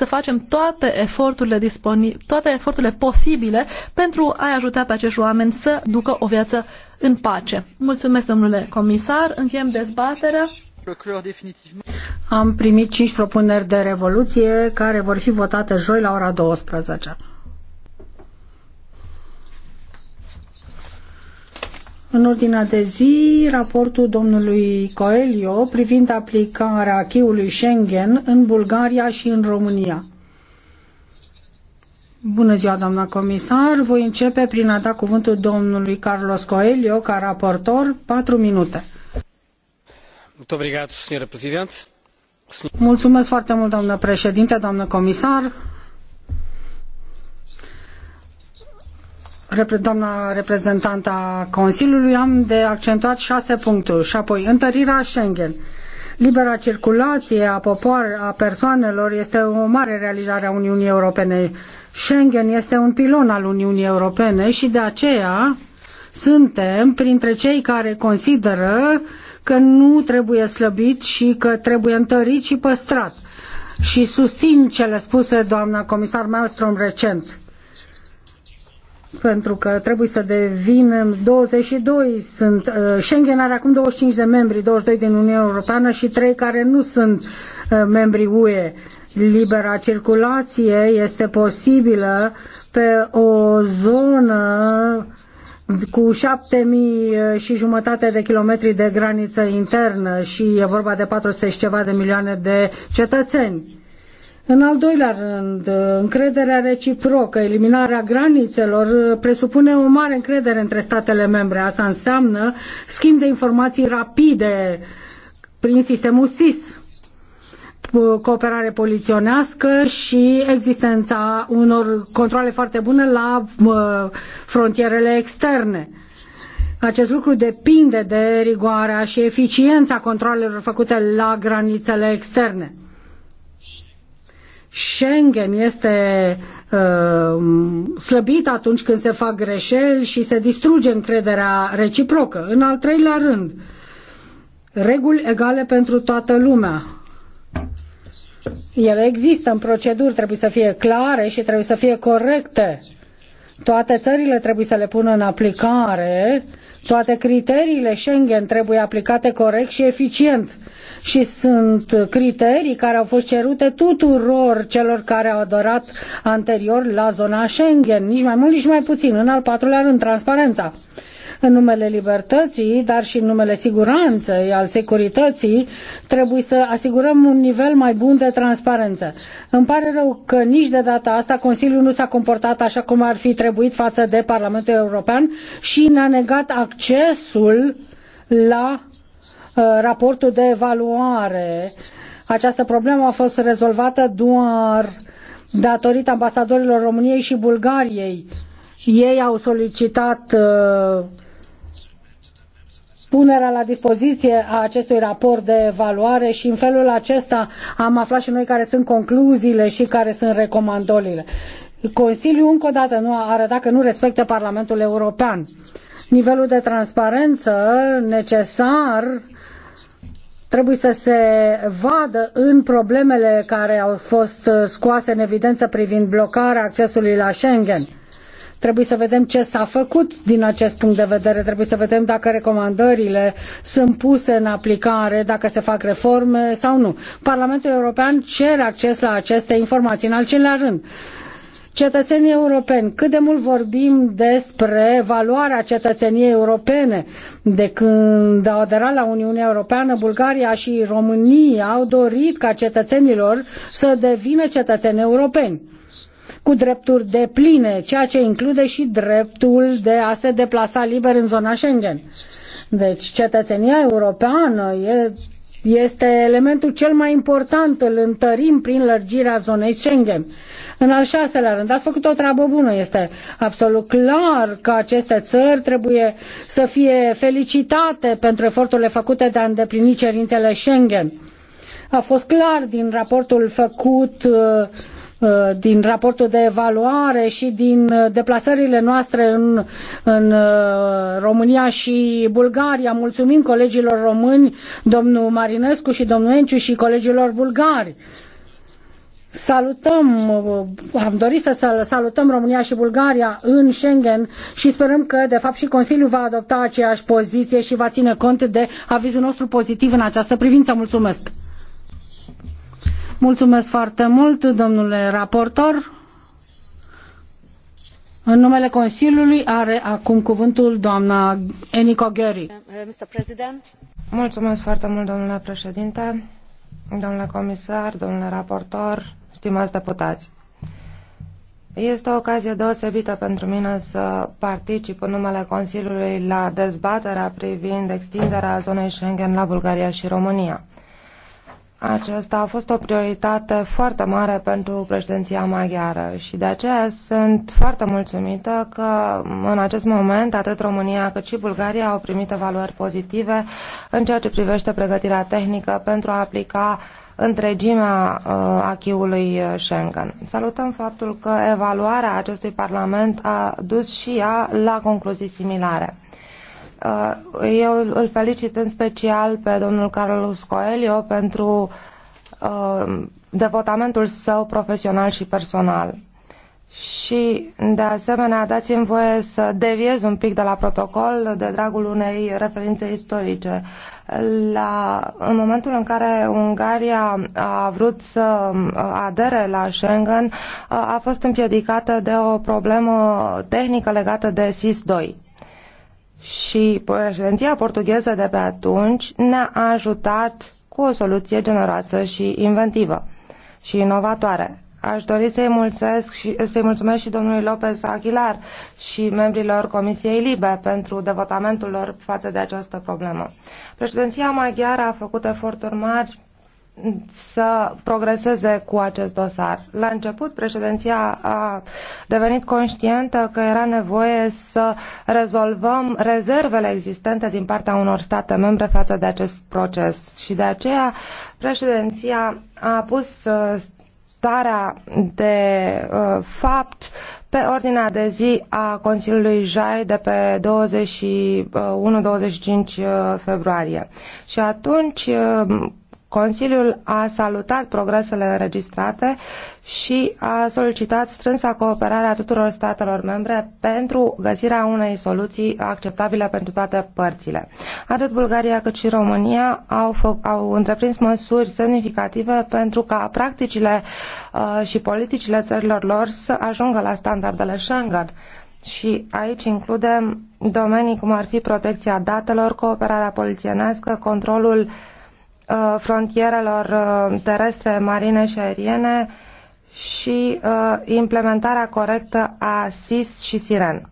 să facem toate eforturile, disponib- toate eforturile posibile pentru a ajuta pe acești oameni să ducă o viață în pace. Mulțumesc, domnule comisar. Încheiem dezbaterea. Am primit cinci propuneri de revoluție care vor fi votate joi la ora 12. În ordinea de zi, raportul domnului Coelio privind aplicarea acquis Schengen în Bulgaria și în România. Bună ziua, doamna comisar. Voi începe prin a da cuvântul domnului Carlos Coelho, ca raportor, patru minute. Mulțumesc foarte mult, doamnă președinte, doamnă comisar, doamna reprezentantă a Consiliului, am de accentuat șase puncte și apoi întărirea Schengen. Libera circulație a, popoare, a persoanelor este o mare realizare a Uniunii Europene. Schengen este un pilon al Uniunii Europene și de aceea suntem printre cei care consideră că nu trebuie slăbit și că trebuie întărit și păstrat. Și susțin cele spuse doamna comisar Malmström recent pentru că trebuie să devenim 22, sunt, uh, Schengen are acum 25 de membri, 22 din Uniunea Europeană și 3 care nu sunt uh, membri UE. Libera circulație este posibilă pe o zonă cu șapte mii și jumătate de kilometri de graniță internă și e vorba de 400 și ceva de milioane de cetățeni în al doilea rând, încrederea reciprocă, eliminarea granițelor presupune o mare încredere între statele membre. Asta înseamnă schimb de informații rapide prin sistemul SIS, cooperare poliționească și existența unor controle foarte bune la uh, frontierele externe. Acest lucru depinde de rigoarea și eficiența controlelor făcute la granițele externe. Schengen este uh, slăbit atunci când se fac greșeli și se distruge încrederea reciprocă. În al treilea rând, reguli egale pentru toată lumea. Ele există în proceduri, trebuie să fie clare și trebuie să fie corecte. Toate țările trebuie să le pună în aplicare uh, toate criteriile Schengen trebuie aplicate corect și eficient și sunt criterii care au fost cerute tuturor celor care au adorat anterior la zona Schengen, nici mai mult, nici mai puțin. În al patrulea rând, transparența în numele libertății, dar și în numele siguranței, al securității, trebuie să asigurăm un nivel mai bun de transparență. Îmi pare rău că nici de data asta Consiliul nu s-a comportat așa cum ar fi trebuit față de Parlamentul European și ne-a negat accesul la uh, raportul de evaluare. Această problemă a fost rezolvată doar datorită ambasadorilor României și Bulgariei. Ei au solicitat uh, punerea la dispoziție a acestui raport de evaluare și în felul acesta am aflat și noi care sunt concluziile și care sunt recomandările. Consiliul încă o dată nu a arătat că nu respectă Parlamentul European. Nivelul de transparență necesar trebuie să se vadă în problemele care au fost scoase în evidență privind blocarea accesului la Schengen Trebuie să vedem ce s-a făcut din acest punct de vedere, trebuie să vedem dacă recomandările sunt puse în aplicare, dacă se fac reforme sau nu. Parlamentul European cere acces la aceste informații în al cincilea rând cetățenii europeni. Cât de mult vorbim despre valoarea cetățeniei europene de când au aderat la Uniunea Europeană, Bulgaria și România au dorit ca cetățenilor să devină cetățeni europeni cu drepturi de pline, ceea ce include și dreptul de a se deplasa liber în zona Schengen. Deci cetățenia europeană e, este elementul cel mai important, îl întărim prin lărgirea zonei Schengen. În al șaselea rând, ați făcut o treabă bună, este absolut clar că aceste țări trebuie să fie felicitate pentru eforturile făcute de a îndeplini cerințele Schengen. A fost clar din raportul făcut uh, Uh, din raportul de evaluare și din uh, deplasările noastre în, în uh, România și Bulgaria. Mulțumim colegilor români, domnul Marinescu și domnul Enciu și colegilor bulgari. Salutăm, am dorit să salutăm România și Bulgaria în Schengen și sperăm că, de fapt, și Consiliul va adopta aceeași poziție și va ține cont de avizul nostru pozitiv în această privință. Mulțumesc! Mulțumesc foarte mult, domnule raportor. În numele Consiliului are acum cuvântul doamna Eniko Gheri. Mulțumesc foarte mult, domnule președinte, domnule comisar, domnule raportor, stimați deputați. Este o ocazie deosebită pentru mine să particip în numele Consiliului la dezbaterea privind extinderea zonei Schengen la Bulgaria și România. Aceasta a fost o prioritate foarte mare pentru președinția maghiară și de aceea sunt foarte mulțumită că în acest moment atât România cât și Bulgaria au primit evaluări pozitive în ceea ce privește pregătirea tehnică pentru a aplica întregimea uh, achiului uh, Schengen. Salutăm faptul că evaluarea acestui Parlament a dus și ea la concluzii similare. Uh, eu îl felicit în special pe domnul Carlos Coelho pentru uh, devotamentul său profesional și personal. Și, de asemenea, dați-mi voie să deviez un pic de la protocol de dragul unei referințe istorice. La, în momentul în care Ungaria a vrut să uh, adere la Schengen, a fost împiedicată de o problemă tehnică legată de SIS-2 și președinția portugheză de pe atunci ne-a ajutat cu o soluție generoasă și inventivă și inovatoare. Aș dori să-i mulțumesc și, să mulțumesc și domnului Lopez Aguilar și membrilor Comisiei Libe pentru devotamentul lor față de această problemă. Președinția maghiară a făcut eforturi mari să progreseze cu acest dosar. La început, președinția a devenit conștientă că era nevoie să rezolvăm rezervele existente din partea unor state membre față de acest proces și de aceea președinția a pus uh, starea de uh, fapt pe ordinea de zi a Consiliului Jai de pe 21-25 uh, uh, februarie. Și atunci Consiliul a salutat progresele înregistrate și a solicitat strânsa cooperare a tuturor statelor membre pentru găsirea unei soluții acceptabile pentru toate părțile. Atât Bulgaria cât și România au, au întreprins măsuri semnificative pentru ca practicile uh, și politicile țărilor lor să ajungă la standardele Schengen. Și aici includem domenii cum ar fi protecția datelor, cooperarea polițienească, controlul uh, Uh, frontierelor uh, terestre, marine și aeriene și uh, implementarea corectă a SIS și SIREN.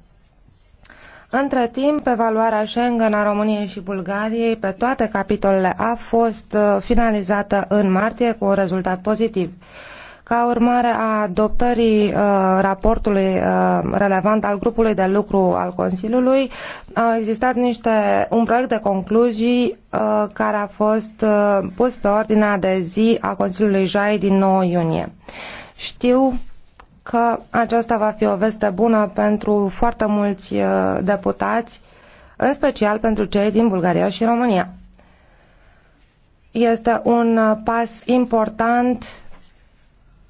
Între timp, evaluarea Schengen a României și Bulgariei pe toate capitolele a fost finalizată în martie cu un rezultat pozitiv. Ca urmare a adoptării uh, raportului uh, relevant al grupului de lucru al Consiliului, au existat niște, un proiect de concluzii uh, care a fost uh, pus pe ordinea de zi a Consiliului JAI din 9 iunie. Știu că aceasta va fi o veste bună pentru foarte mulți uh, deputați, în special pentru cei din Bulgaria și România. Este un uh, pas important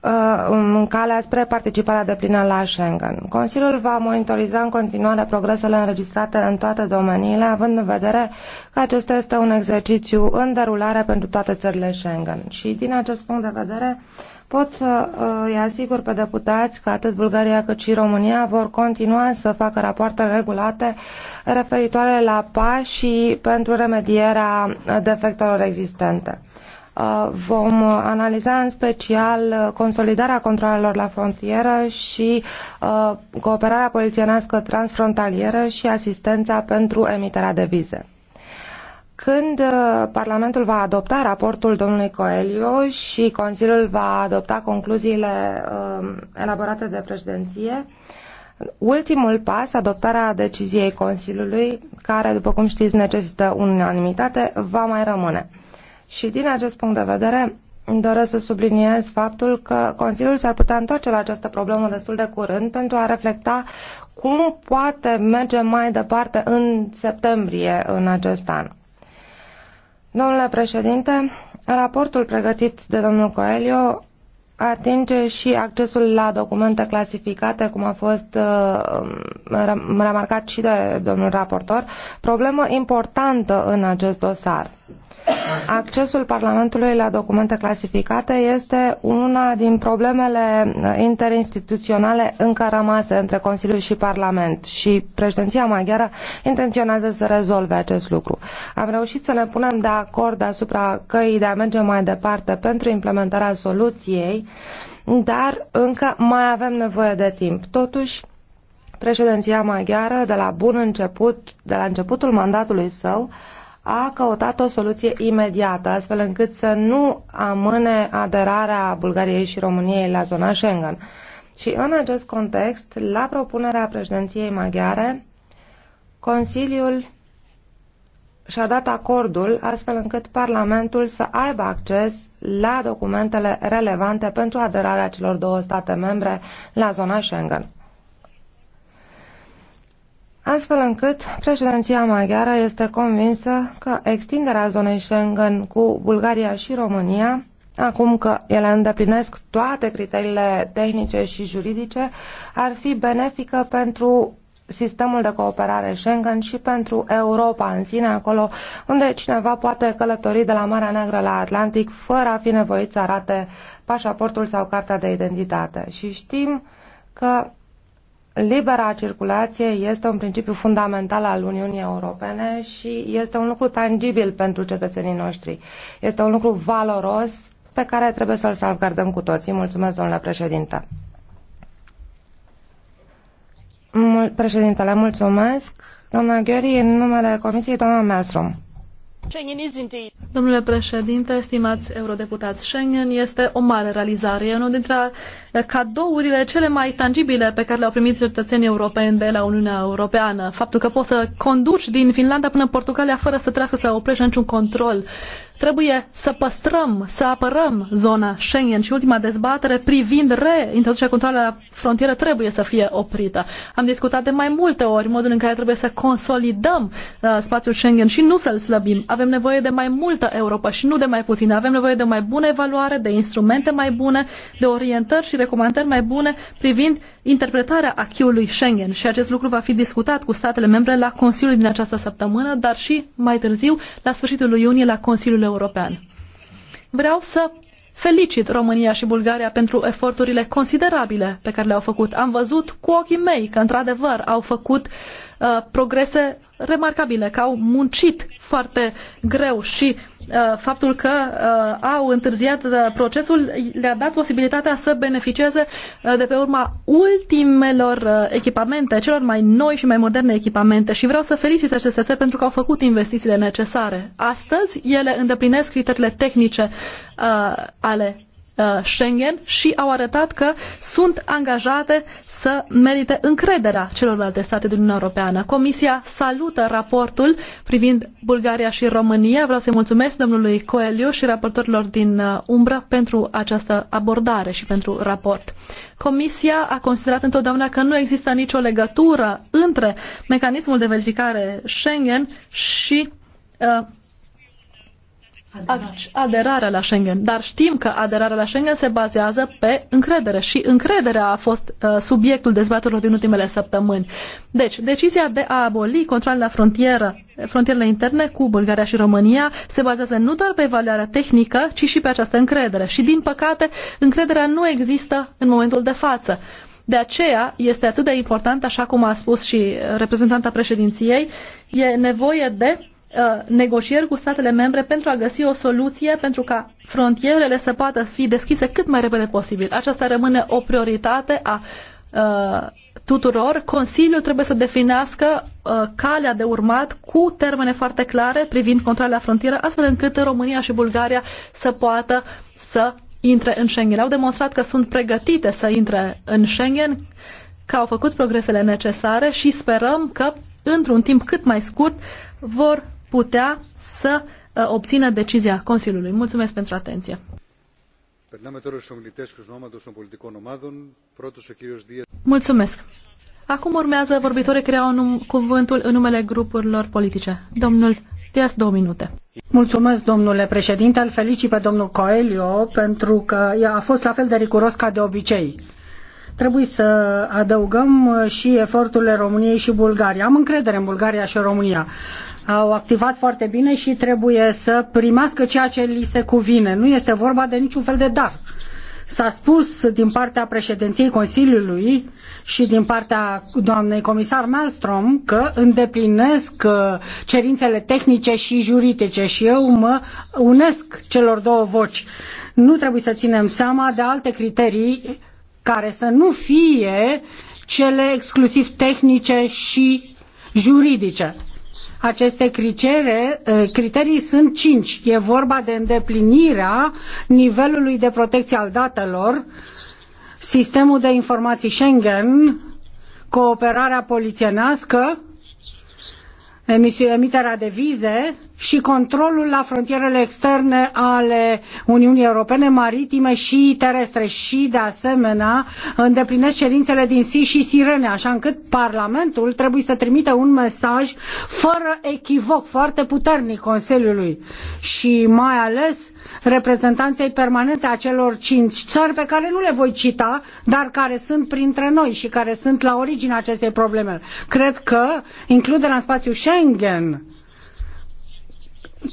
Uh, în calea spre participarea deplină la Schengen. Consiliul va monitoriza în continuare progresele înregistrate în toate domeniile, având în vedere că acesta este un exercițiu în derulare pentru toate țările Schengen. Și din acest punct de vedere, pot să uh, îi asigur pe deputați că atât Bulgaria cât și România vor continua să facă rapoarte regulate referitoare la pașii pentru remedierea defectelor existente. Uh, vom analiza în special consolidarea controlelor la frontieră și uh, cooperarea polițienească transfrontalieră și asistența pentru emiterea de vize. Când uh, Parlamentul va adopta raportul domnului Coelho și Consiliul va adopta concluziile elaborate de președinție, Ultimul pas, adoptarea deciziei Consiliului, care, după cum știți, necesită unanimitate, va mai rămâne. Și din acest punct de vedere, doresc să subliniez faptul că Consiliul s-ar putea întoarce la această problemă destul de curând pentru a reflecta cum poate merge mai departe în septembrie în acest an. Domnule președinte, raportul pregătit de domnul Coelho atinge și accesul la documente clasificate, cum a fost uh, remarcat și de domnul raportor, problemă importantă în acest dosar. Accesul Parlamentului la documente clasificate este una din problemele interinstituționale încă rămase între Consiliu și Parlament și președinția maghiară intenționează să rezolve acest lucru. Am reușit să ne punem de acord asupra căii de a merge mai departe pentru implementarea soluției, dar încă mai avem nevoie de timp. Totuși, președinția maghiară, de la bun început, de la începutul mandatului său, a căutat o soluție imediată, astfel încât să nu amâne aderarea Bulgariei și României la zona Schengen. Și în acest context, la propunerea președinției maghiare, Consiliul și-a dat acordul astfel încât Parlamentul să aibă acces la documentele relevante pentru aderarea celor două state membre la zona Schengen astfel încât președinția maghiară este convinsă că extinderea zonei Schengen cu Bulgaria și România, acum că ele îndeplinesc toate criteriile tehnice și juridice, ar fi benefică pentru sistemul de cooperare Schengen și pentru Europa în sine, acolo unde cineva poate călători de la Marea Neagră la Atlantic fără a fi nevoit să arate pașaportul sau cartea de identitate. Și știm că libera circulație este un principiu fundamental al Uniunii Europene și este un lucru tangibil pentru cetățenii noștri. Este un lucru valoros pe care trebuie să-l salvgardăm cu toții. Mulțumesc, domnule președinte. președintele, mulțumesc. Doamna Gheorghe, în numele Comisiei, doamna Melstrom. Domnule președinte, stimați eurodeputați, Schengen este o mare realizare. E unul dintre eh, cadourile cele mai tangibile pe care le-au primit cetățenii europeni de la Uniunea Europeană. Faptul că poți să conduci din Finlanda până în Portugalia fără să trească să oprești niciun control Trebuie să păstrăm, să apărăm zona Schengen și ultima dezbatere privind reintroducerea controlului la frontieră trebuie să fie oprită. Am discutat de mai multe ori modul în care trebuie să consolidăm uh, spațiul Schengen și nu să-l slăbim. Avem nevoie de mai multă Europa și nu de mai puțină. Avem nevoie de mai bună evaluare, de instrumente mai bune, de orientări și recomandări mai bune privind interpretarea acquis-ului Schengen și acest lucru va fi discutat cu statele membre la Consiliul din această săptămână, dar și mai târziu, la sfârșitul lui iunie, la Consiliul European. Vreau să felicit România și Bulgaria pentru eforturile considerabile pe care le-au făcut. Am văzut cu ochii mei că, într-adevăr, au făcut uh, progrese remarcabile, că au muncit foarte greu și uh, faptul că uh, au întârziat uh, procesul le-a dat posibilitatea să beneficieze de pe urma ultimelor echipamente, celor mai noi și mai moderne echipamente și vreau să felicit aceste țări pentru că au făcut investițiile necesare. Astăzi ele îndeplinesc criteriile tehnice ale Uh, Schengen și au arătat că sunt angajate să merite încrederea celorlalte state din Uniunea Europeană. Comisia salută raportul privind Bulgaria și România. Vreau să-i mulțumesc domnului Coelho și raportorilor din uh, umbră pentru această abordare și pentru raport. Comisia a considerat întotdeauna că nu există nicio legătură între mecanismul de verificare Schengen și uh, aderarea la Schengen. Dar știm că aderarea la Schengen se bazează pe încredere și încrederea a fost uh, subiectul dezbaterilor din ultimele săptămâni. Deci, decizia de a aboli controlele la frontieră, frontierele interne cu Bulgaria și România se bazează nu doar pe evaluarea tehnică, ci și pe această încredere. Și, din păcate, încrederea nu există în momentul de față. De aceea este atât de important, așa cum a spus și reprezentanta președinției, e nevoie de Uh, negocieri cu statele membre pentru a găsi o soluție pentru ca frontierele să poată fi deschise cât mai repede posibil. Aceasta rămâne o prioritate a uh, tuturor. Consiliul trebuie să definească uh, calea de urmat cu termene foarte clare privind controlul la frontieră, astfel încât România și Bulgaria să poată să intre în Schengen. Au demonstrat că sunt pregătite să intre în Schengen, că au făcut progresele necesare și sperăm că într-un timp cât mai scurt vor putea să uh, obțină decizia Consiliului. Mulțumesc pentru atenție. Mulțumesc. Acum urmează vorbitorii care au cuvântul în numele grupurilor politice. Domnul Dias, două minute. Mulțumesc, domnule președinte. Îl felicit pe domnul Coelho pentru că a fost la fel de riguros ca de obicei Trebuie să adăugăm uh, și eforturile României și Bulgaria. Am încredere în Bulgaria și România. Au activat foarte bine și trebuie să primească ceea ce li se cuvine. Nu este vorba de niciun fel de dar. S-a spus din partea președinției Consiliului și din partea doamnei comisar Malmström că îndeplinesc uh, cerințele tehnice și juridice și eu mă unesc celor două voci. Nu trebuie să ținem seama de alte criterii care să nu fie cele exclusiv tehnice și juridice. Aceste criterii, eh, criterii sunt cinci. E vorba de îndeplinirea nivelului de protecție al datelor, sistemul de informații Schengen, cooperarea polițienească, emiterea de vize, și controlul la frontierele externe ale Uniunii Europene, maritime și terestre și, de asemenea, îndeplinesc cerințele din SI și Sirene, așa încât Parlamentul trebuie să trimită un mesaj fără echivoc, foarte puternic Consiliului și mai ales reprezentanței permanente a celor cinci țări pe care nu le voi cita, dar care sunt printre noi și care sunt la originea acestei probleme. Cred că includerea în spațiul Schengen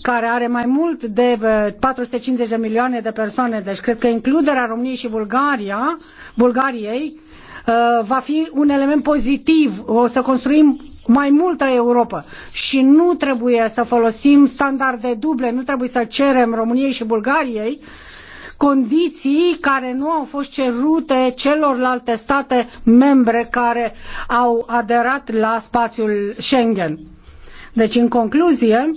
care are mai mult de 450 de milioane de persoane, deci cred că includerea României și Bulgaria, Bulgariei uh, va fi un element pozitiv. O să construim mai multă Europa și nu trebuie să folosim standarde duble, nu trebuie să cerem României și Bulgariei condiții care nu au fost cerute celorlalte state membre care au aderat la spațiul Schengen. Deci, în concluzie,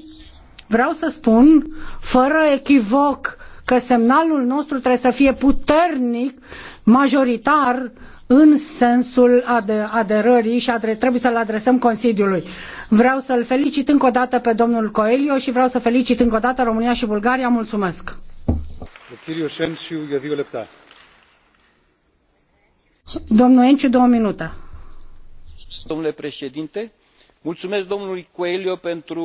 Vreau să spun, fără echivoc, că semnalul nostru trebuie să fie puternic, majoritar, în sensul aderării și trebuie să-l adresăm Consiliului. Vreau să-l felicit încă o dată pe domnul Coelho și vreau să felicit încă o dată România și Bulgaria. Mulțumesc! Domnul Enciu, două minute. Domnule președinte, mulțumesc domnului Coelho pentru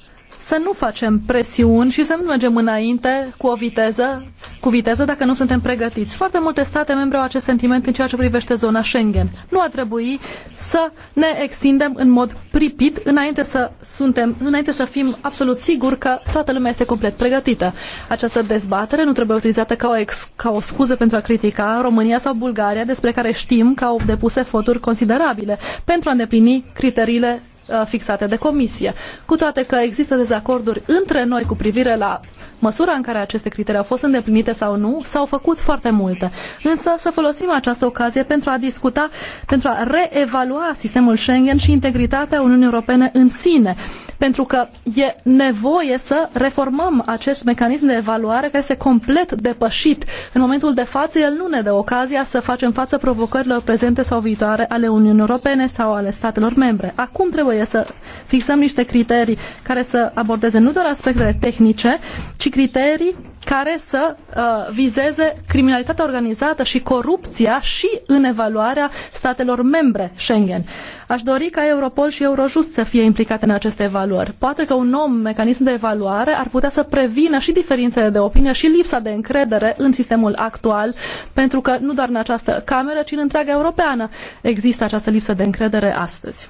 să nu facem presiuni și să nu mergem înainte cu o viteză, cu viteză dacă nu suntem pregătiți. Foarte multe state membre au acest sentiment în ceea ce privește zona Schengen. Nu ar trebui să ne extindem în mod pripit înainte să, suntem, înainte să fim absolut siguri că toată lumea este complet pregătită. Această dezbatere nu trebuie utilizată ca o, ex, ca o scuză pentru a critica România sau Bulgaria, despre care știm că au depus eforturi considerabile pentru a îndeplini criteriile Uh, fixate de comisie. Cu toate că există dezacorduri între noi cu privire la măsura în care aceste criterii au fost îndeplinite sau nu, s-au făcut foarte multe. Însă să folosim această ocazie pentru a discuta, pentru a reevalua sistemul Schengen și integritatea Uniunii Europene în sine pentru că e nevoie să reformăm acest mecanism de evaluare care este complet depășit. În momentul de față, el nu ne dă ocazia să facem față provocărilor prezente sau viitoare ale Uniunii Europene sau ale statelor membre. Acum trebuie trebuie să fixăm niște criterii care să abordeze nu doar aspectele tehnice, ci criterii care să uh, vizeze criminalitatea organizată și corupția și în evaluarea statelor membre Schengen. Aș dori ca Europol și Eurojust să fie implicate în aceste evaluări. Poate că un nou mecanism de evaluare ar putea să prevină și diferențele de opinie și lipsa de încredere în sistemul actual, pentru că nu doar în această cameră, ci în întreaga europeană există această lipsă de încredere astăzi.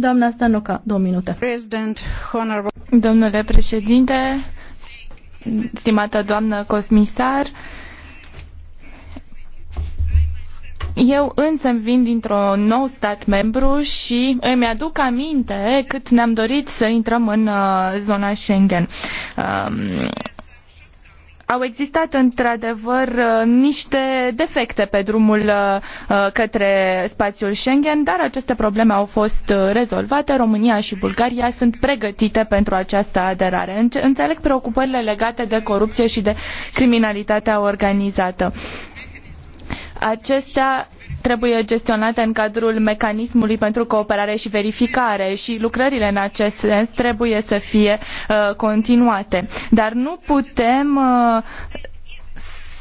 Doamna Stanoca, două minute. President, Domnule președinte, stimată doamnă comisar, eu însă vin dintr-un nou stat membru și îmi aduc aminte cât ne-am dorit să intrăm în uh, zona Schengen. Um, au existat într-adevăr uh, niște defecte pe drumul uh, uh, către spațiul Schengen, dar aceste probleme au fost rezolvate. România și Bulgaria sunt pregătite pentru această aderare. Înțeleg preocupările legate de corupție și de criminalitatea organizată. Acestea trebuie gestionate în cadrul mecanismului pentru cooperare și verificare și lucrările în acest sens trebuie să fie uh, continuate. Dar nu putem uh,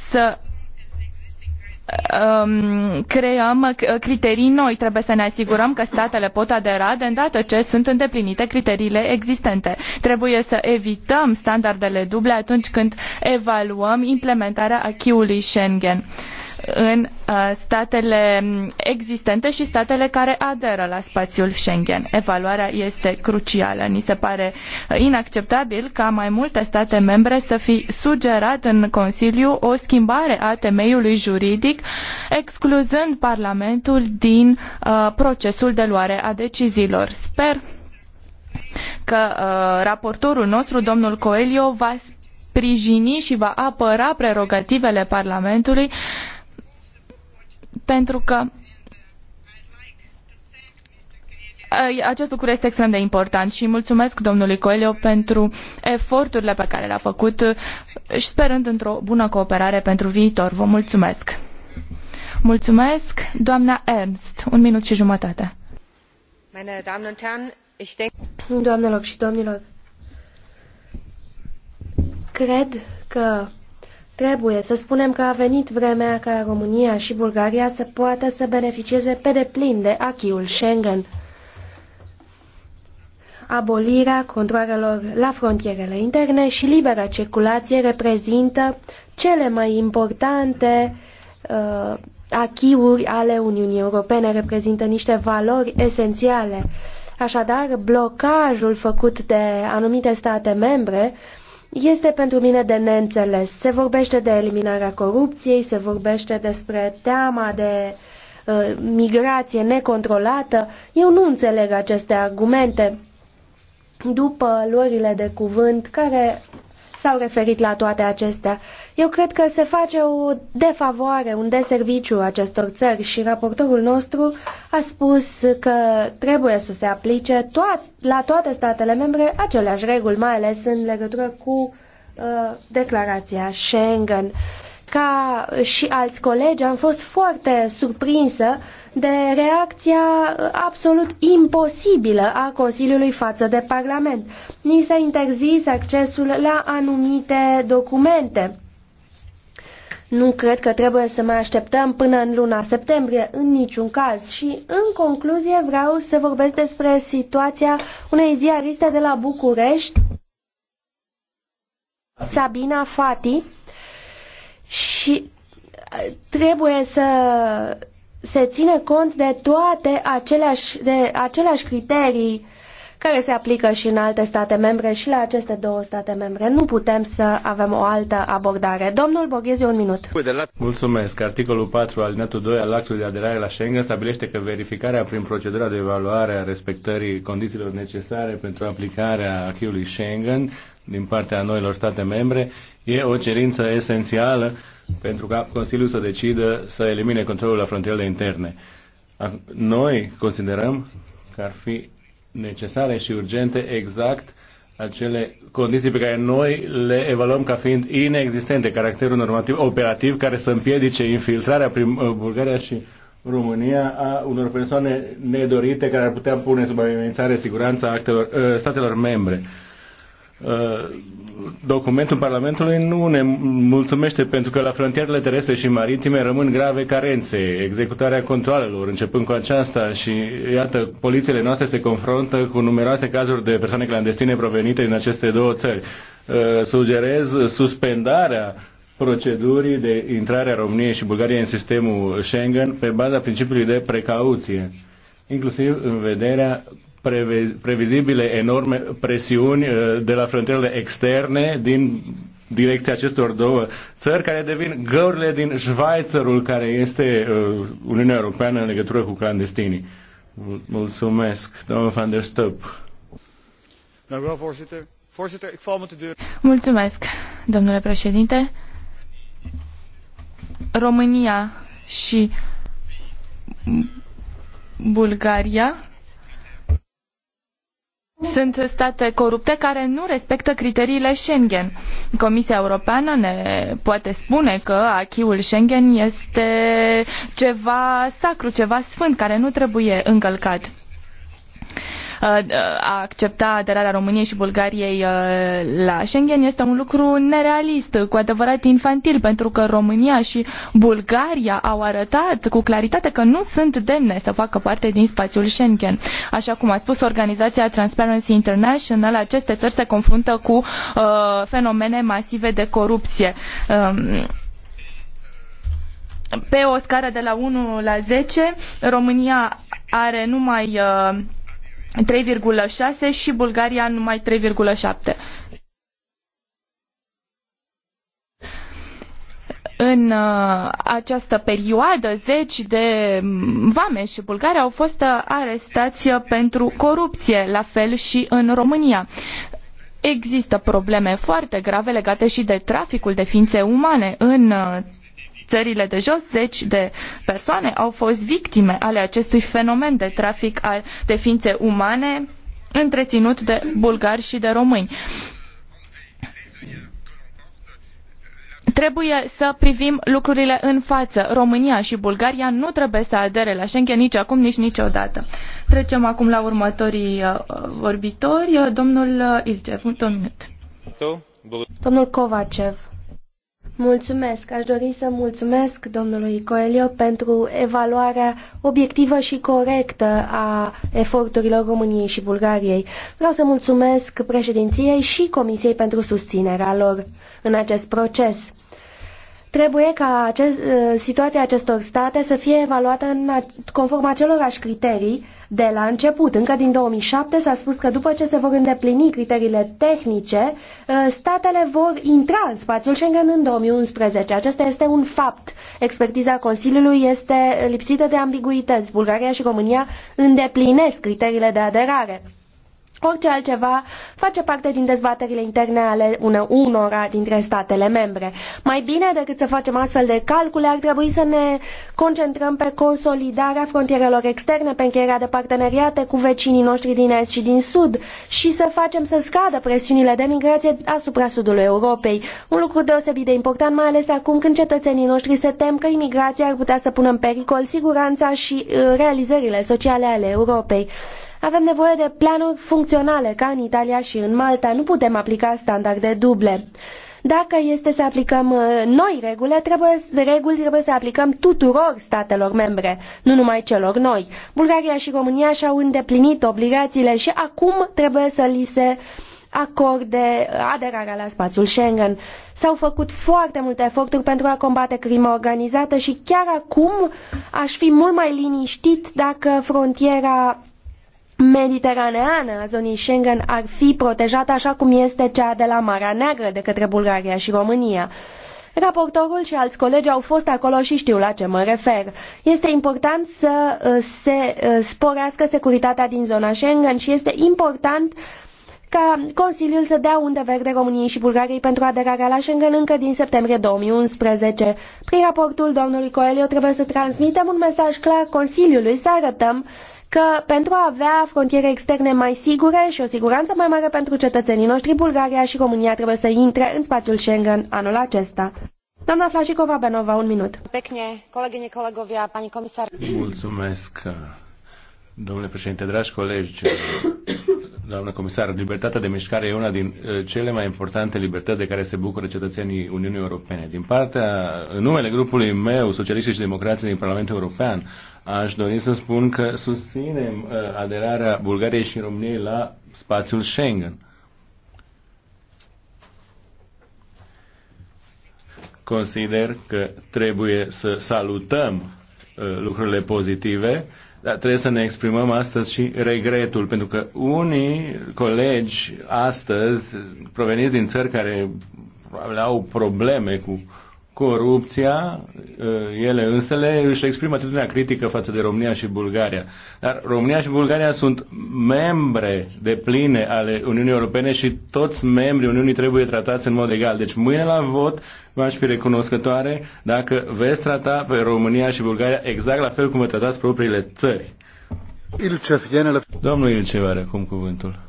să um, creăm uh, criterii noi. Trebuie să ne asigurăm că statele pot adera de îndată ce sunt îndeplinite criteriile existente. Trebuie să evităm standardele duble atunci când evaluăm implementarea acquis-ului Schengen. Uh, în uh, statele existente și statele care aderă la spațiul Schengen. Evaluarea este crucială. Ni se pare uh, inacceptabil ca mai multe state membre să fi sugerat în Consiliu o schimbare a temeiului juridic, excluzând Parlamentul din uh, procesul de luare a deciziilor. Sper că uh, raportorul nostru, domnul Coelho, va sprijini și va apăra prerogativele Parlamentului uh, pentru că ă, acest lucru este extrem de important și mulțumesc domnului Coelho pentru eforturile pe care le-a făcut și sperând într-o bună cooperare pentru viitor. Vă mulțumesc! Mulțumesc, doamna Ernst. Un minut și jumătate. Doamnelor și domnilor, cred că Trebuie să spunem că a venit vremea ca România și Bulgaria să poată să beneficieze pe deplin de achiul Schengen. Abolirea controarelor la frontierele interne și libera circulație reprezintă cele mai importante uh, achiuri ale Uniunii Europene, reprezintă niște valori esențiale. Așadar, blocajul făcut de anumite state membre uh, este pentru mine de neînțeles. Se vorbește de eliminarea corupției, se vorbește despre teama de uh, migrație necontrolată. Eu nu înțeleg aceste argumente. După luările de cuvânt care s-au referit la toate acestea. Eu cred că se face o defavoare, un deserviciu acestor țări și raportorul nostru a spus că trebuie să se aplice toat- la toate statele membre aceleași reguli, mai ales în legătură cu uh, declarația Schengen. Uh, ca și alți colegi, am fost foarte surprinsă de reacția uh, absolut imposibilă a Consiliului față de Parlament. Ni s-a interzis accesul la anumite documente. Nu cred că trebuie să mai așteptăm până în luna septembrie, în niciun caz. Și, în concluzie, vreau să vorbesc despre situația unei ziariste de la București, Sabina Fati, și uh, trebuie să se ține cont de toate aceleași, de aceleași criterii care se aplică și în alte state membre și la aceste două state membre. Nu putem să avem o altă abordare. Domnul Borghezi, un minut. Mulțumesc. Articolul 4, alineatul 2 al actului de aderare la Schengen stabilește că verificarea prin procedura de evaluare a respectării condițiilor necesare pentru aplicarea acquis Schengen din partea noilor state membre E o cerință esențială pentru ca Consiliul să decidă să elimine controlul la frontierele interne. Noi considerăm că ar fi necesare și urgente exact acele condiții pe care noi le evaluăm ca fiind inexistente, caracterul normativ operativ care să împiedice infiltrarea prin uh, Bulgaria și România a unor persoane nedorite care ar putea pune sub amenințare siguranța actelor, uh, statelor membre. Uh, documentul Parlamentului nu ne mulțumește pentru că la frontierele terestre și maritime rămân grave carențe, executarea controalelor, începând cu aceasta și iată, polițiile noastre se confruntă cu numeroase cazuri de persoane clandestine provenite din aceste două țări. Uh, sugerez suspendarea procedurii de intrare a României și Bulgariei în sistemul Schengen pe baza principiului de precauție inclusiv în vederea previzibile enorme presiuni uh, de la frontierele externe din direcția acestor două țări care devin găurile din Schweizerul care este uh, Uniunea Europeană în legătură cu clandestinii. Mulțumesc, domnul Van der Stop. Mulțumesc, domnule președinte. România și Bulgaria sunt state corupte care nu respectă criteriile Schengen. Comisia Europeană ne poate spune că achiul Schengen este ceva sacru, ceva sfânt, care nu trebuie încălcat a accepta aderarea României și Bulgariei uh, la Schengen este un lucru nerealist, cu adevărat infantil, pentru că România și Bulgaria au arătat cu claritate că nu sunt demne să facă parte din spațiul Schengen. Așa cum a spus organizația Transparency International, aceste țări se confruntă cu uh, fenomene masive de corupție. Um, pe o scară de la 1 la 10, România are numai uh, 3,6 și Bulgaria numai 3,7. În uh, această perioadă, zeci de mm, vame și bulgari au fost uh, arestați uh, pentru corupție, la fel și în România. Există probleme foarte grave legate și de traficul de ființe umane în țările de jos, zeci de persoane au fost victime ale acestui fenomen de trafic al, de ființe umane întreținut de bulgari și de români. Trebuie să privim lucrurile în față. România și Bulgaria nu trebuie să adere la Schengen nici acum, nici niciodată. Trecem acum la următorii uh, vorbitori. Domnul uh, Ilcev, un minut. Domnul Kovacev. Mulțumesc. Aș dori să mulțumesc domnului Coelho pentru evaluarea obiectivă și corectă a eforturilor României și Bulgariei. Vreau să mulțumesc președinției și Comisiei pentru susținerea lor în acest proces. Trebuie ca acest, situația acestor state să fie evaluată în, conform acelorași criterii de la început. Încă din 2007 s-a spus că după ce se vor îndeplini criteriile tehnice, uh, statele vor intra în spațiul Schengen în 2011. Acesta este un fapt. Expertiza Consiliului este lipsită de ambiguități. Bulgaria și România îndeplinesc criteriile de aderare. Orice altceva face parte din dezbaterile interne ale unora dintre statele membre. Mai bine decât să facem astfel de calcule, ar trebui să ne concentrăm pe consolidarea frontierelor externe, pe încheierea de parteneriate cu vecinii noștri din Est și din Sud și să facem să scadă presiunile de migrație asupra Sudului Europei. Un lucru deosebit de important, mai ales acum când cetățenii noștri se tem că imigrația ar putea să pună în pericol siguranța și uh, realizările sociale ale Europei. Avem nevoie de planuri funcționale, ca în Italia și în Malta. Nu putem aplica standarde duble. Dacă este să aplicăm uh, noi reguli, trebuie, reguli trebuie să aplicăm tuturor statelor membre, nu numai celor noi. Bulgaria și România și-au îndeplinit obligațiile și acum trebuie să li se acorde aderarea la spațiul Schengen. S-au făcut foarte multe eforturi pentru a combate crima organizată și chiar acum aș fi mult mai liniștit dacă frontiera mediteraneană a zonei Schengen ar fi protejată așa cum este cea de la Marea Neagră de către Bulgaria și România. Raportorul și alți colegi au fost acolo și știu la ce mă refer. Este important să uh, se uh, sporească securitatea din zona Schengen și este important ca Consiliul să dea undă verde României și Bulgariei pentru aderarea la Schengen încă din septembrie 2011. Prin raportul domnului Coelho trebuie să transmitem un mesaj clar Consiliului să arătăm că pentru a avea frontiere externe mai sigure și o siguranță mai mare pentru cetățenii noștri, Bulgaria și România trebuie să intre în spațiul Schengen anul acesta. Doamna Flașicova Benova, un minut. Pecne, colegine, colegovia, pani comisar. Mulțumesc, domnule președinte, dragi colegi. Doamnă comisar, libertatea de mișcare e una din uh, cele mai importante libertăți de care se bucură cetățenii Uniunii Europene. Din partea, în numele grupului meu, Socialiștii și Democrații din Parlamentul European, Aș dori să spun că susținem uh, aderarea Bulgariei și României la spațiul Schengen. Consider că trebuie să salutăm uh, lucrurile pozitive, dar trebuie să ne exprimăm astăzi și regretul, pentru că unii colegi astăzi, proveniți din țări care probabil au probleme cu uh, corupția, uh, ele însele își exprimă atitudinea critică față de România și Bulgaria. Dar România și Bulgaria sunt membre de pline ale Uniunii Europene și toți membrii Uniunii trebuie tratați în mod egal. Deci mâine la vot v-aș fi recunoscătoare dacă veți trata pe România și Bulgaria exact la fel cum vă tratați propriile țări. Domnul Ilce, are acum cuvântul.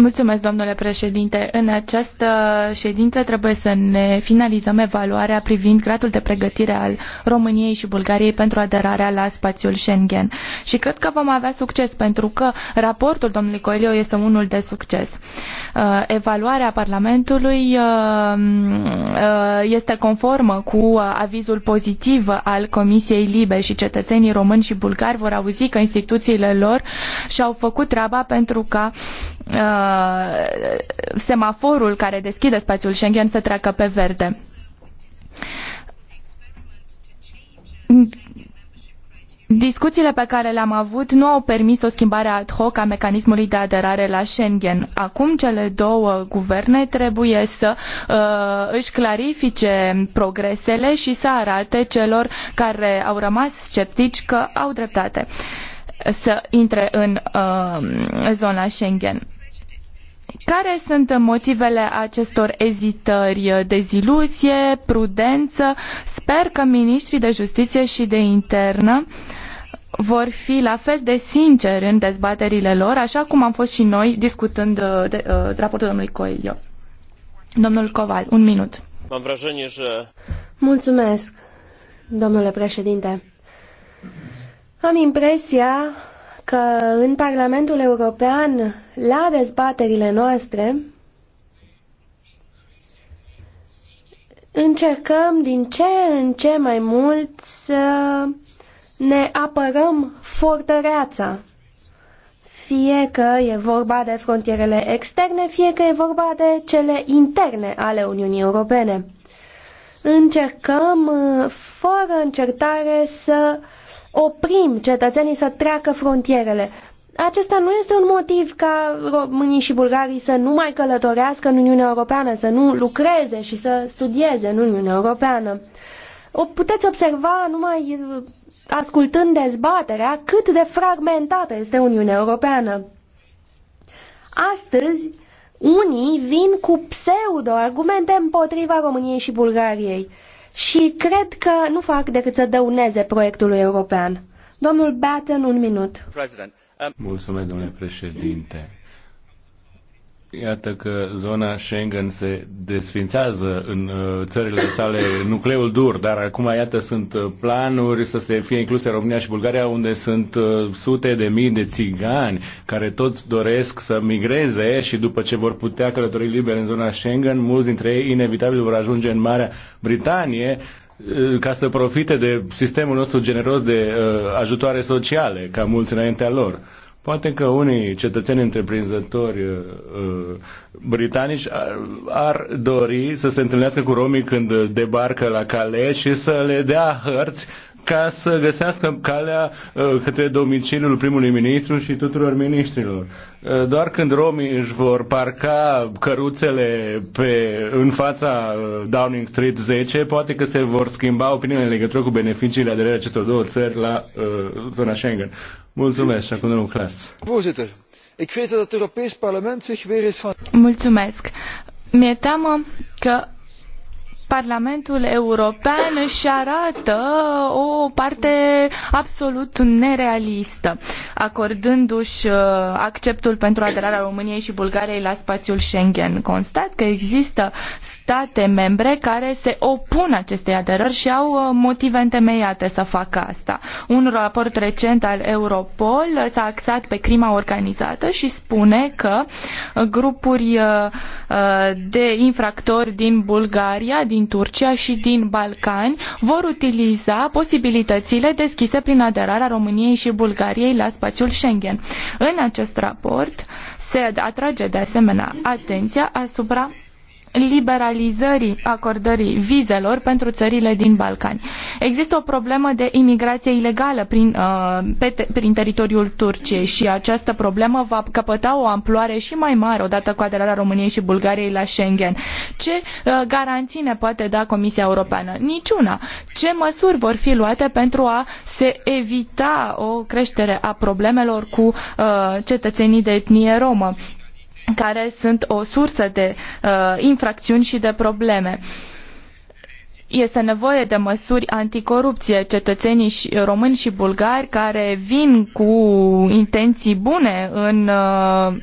Mulțumesc, domnule președinte. În această ședință trebuie să ne finalizăm evaluarea privind gradul de pregătire al României și Bulgariei pentru aderarea la spațiul Schengen. Și cred că vom avea succes pentru că raportul domnului Coelho este unul de succes. Uh, evaluarea Parlamentului uh, uh, este conformă cu avizul pozitiv al Comisiei Libe și cetățenii români și bulgari vor auzi că instituțiile lor și-au făcut treaba pentru ca semaforul care deschide spațiul Schengen să treacă pe verde Discuțiile pe care le-am avut nu au permis o schimbare ad hoc a mecanismului de aderare la Schengen. Acum cele două guverne trebuie să uh, își clarifice progresele și să arate celor care au rămas sceptici că au dreptate să intre în uh, zona Schengen. Care sunt motivele acestor ezitări? Deziluzie, prudență? Sper că ministrii de justiție și de internă uh, vor fi la fel de sinceri în dezbaterile lor, așa cum am fost și noi discutând uh, de, uh, de, raportul domnului Coelho. Domnul Coval, un minut. Am vrăjenie, že... Mulțumesc, domnule președinte. Am impresia că în Parlamentul European, la dezbaterile noastre, încercăm din ce în ce mai mult să ne apărăm fortăreața. Fie că e vorba de frontierele externe, fie că e vorba de cele interne ale Uniunii Europene. Încercăm, fără încertare, să oprim cetățenii să treacă frontierele. Acesta nu este un motiv ca românii și bulgarii să nu mai călătorească în Uniunea Europeană, să nu lucreze și să studieze în Uniunea Europeană. O puteți observa numai uh, ascultând dezbaterea cât de fragmentată este Uniunea Europeană. Astăzi, unii vin cu pseudo-argumente împotriva României și Bulgariei și cred că nu fac decât să dăuneze proiectului european. Domnul Batten, un minut. Um, Mulțumesc, domnule președinte. Iată că zona Schengen se desfințează în uh, țările sale nucleul dur, dar acum iată sunt uh, planuri să se fie incluse România și Bulgaria unde sunt uh, sute de mii de țigani care toți doresc să migreze și după ce vor putea călători liber în zona Schengen, mulți dintre ei inevitabil vor ajunge în Marea Britanie ca să profite de sistemul nostru generos de ajutoare sociale, ca mulți înaintea lor. Poate că unii cetățeni întreprinzători uh, uh, britanici ar, ar dori să se întâlnească cu romii când debarcă la cale și să le dea hărți ca să găsească calea uh, către domiciliul primului ministru și tuturor ministrilor. Uh, doar când romii își vor parca căruțele pe, în fața uh, Downing Street 10, poate că se vor schimba opiniile în legătură cu beneficiile aderării acestor două țări la uh, zona Schengen. Mulțumesc și acum domnul Clas. Mulțumesc. Mi-e teamă că Parlamentul European își arată o parte absolut nerealistă, acordându-și uh, acceptul pentru aderarea României și Bulgariei la spațiul Schengen. Constat că există state membre care se opun acestei aderări și au uh, motive întemeiate să facă asta. Un raport recent al Europol s-a axat pe crima organizată și spune că grupuri uh, de infractori din Bulgaria, din din Turcia și din Balcani vor utiliza posibilitățile deschise prin aderarea României și Bulgariei la spațiul Schengen. În acest raport se atrage de asemenea atenția asupra liberalizării acordării vizelor pentru țările din Balcani. Există o problemă de imigrație ilegală prin, uh, prin teritoriul Turciei și această problemă va căpăta o amploare și mai mare odată cu aderarea României și Bulgariei la Schengen. Ce uh, garanții ne poate da Comisia Europeană? Niciuna. Ce măsuri vor fi luate pentru a se evita o creștere a problemelor cu uh, cetățenii de etnie romă? care sunt o sursă de uh, infracțiuni și de probleme. Este nevoie de măsuri anticorupție. Cetățenii uh, români și bulgari care vin cu intenții bune în uh,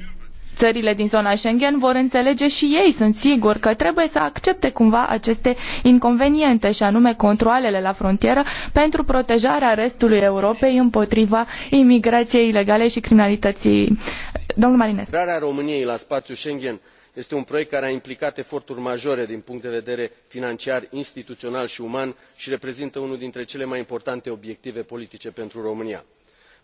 țările din zona Schengen vor înțelege și ei, sunt sigur, că trebuie să accepte cumva aceste inconveniente și anume controalele la frontieră pentru protejarea restului Europei împotriva imigrației ilegale și criminalității. Domnul Marinescu. Intrarea României la spațiul Schengen este un proiect care a implicat eforturi majore din punct de vedere financiar instituțional și uman și reprezintă unul dintre cele mai importante obiective politice pentru românia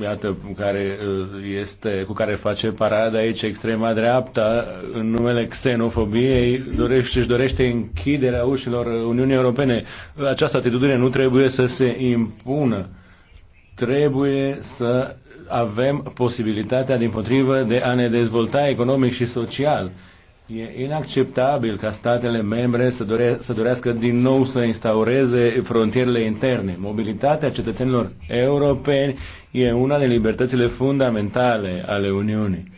iată, care uh, este, cu care face parada aici extrema dreapta, în numele xenofobiei, dorește, își dorește închiderea ușilor Uniunii Europene. Această atitudine nu trebuie să se impună. Trebuie să avem posibilitatea, din potrivă, de a ne dezvolta economic și social E inacceptabil ca statele membre să, dore, să dorească din nou să instaureze frontierele interne. Mobilitatea cetățenilor europeni e una din libertățile fundamentale ale Uniunii.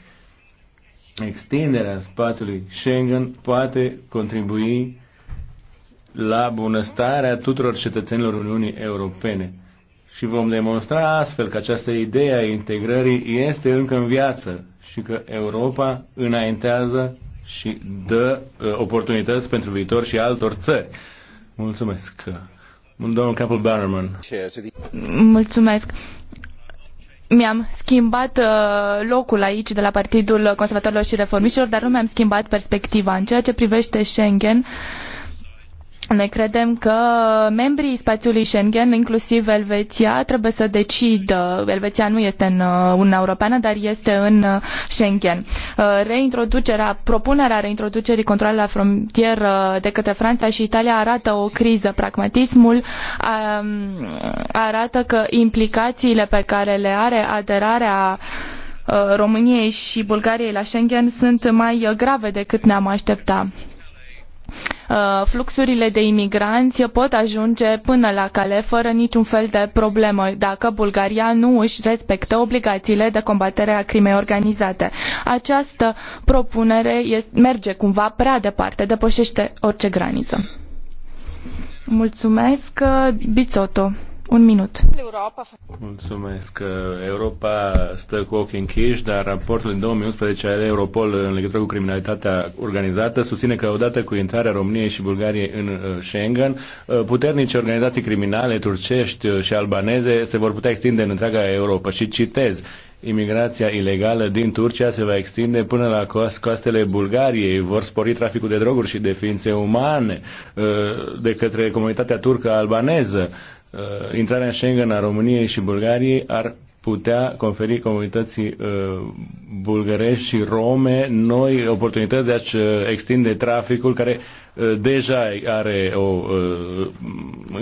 Extinderea spațiului Schengen poate contribui la bunăstarea tuturor cetățenilor Uniunii Europene. Și vom demonstra astfel că această idee a integrării este încă în viață și că Europa înaintează și dă uh, oportunități pentru viitor și altor țări. Mulțumesc. Domnul Campbell Bannerman. Mulțumesc. Mi-am schimbat uh, locul aici de la Partidul Conservatorilor și Reformiștilor, dar nu mi-am schimbat perspectiva. În ceea ce privește Schengen, uh, ne credem că membrii spațiului Schengen, inclusiv Elveția, trebuie să decidă. Elveția nu este în uh, Uniunea Europeană, dar este în uh, Schengen. Uh, reintroducerea, propunerea reintroducerii controlelor la frontieră de către Franța și Italia arată o criză. Pragmatismul um, arată că implicațiile pe care le are aderarea României și Bulgariei la Schengen sunt mai grave decât ne-am aștepta. Uh, fluxurile de imigranți pot ajunge până la cale fără niciun fel de problemă dacă Bulgaria nu își respectă obligațiile de combatere a crimei organizate. Această propunere merge cumva prea departe, depășește orice graniță. Mulțumesc, uh, Bițoto. Un minut. Mulțumesc. Europa stă cu ochii închiși, dar raportul din 2011 al Europol în legătură cu criminalitatea organizată susține că odată cu intrarea României și Bulgariei în uh, Schengen, uh, puternice organizații criminale turcești uh, și albaneze se vor putea extinde în întreaga Europa. Și citez, imigrația ilegală din Turcia se va extinde până la coastele Bulgariei, vor spori traficul de droguri și de ființe umane de către comunitatea turcă albaneză Uh, intrarea în Schengen a României și Bulgariei ar putea conferi comunității uh, bulgărești și rome noi oportunități de a-și uh, extinde traficul care uh, deja are o, uh,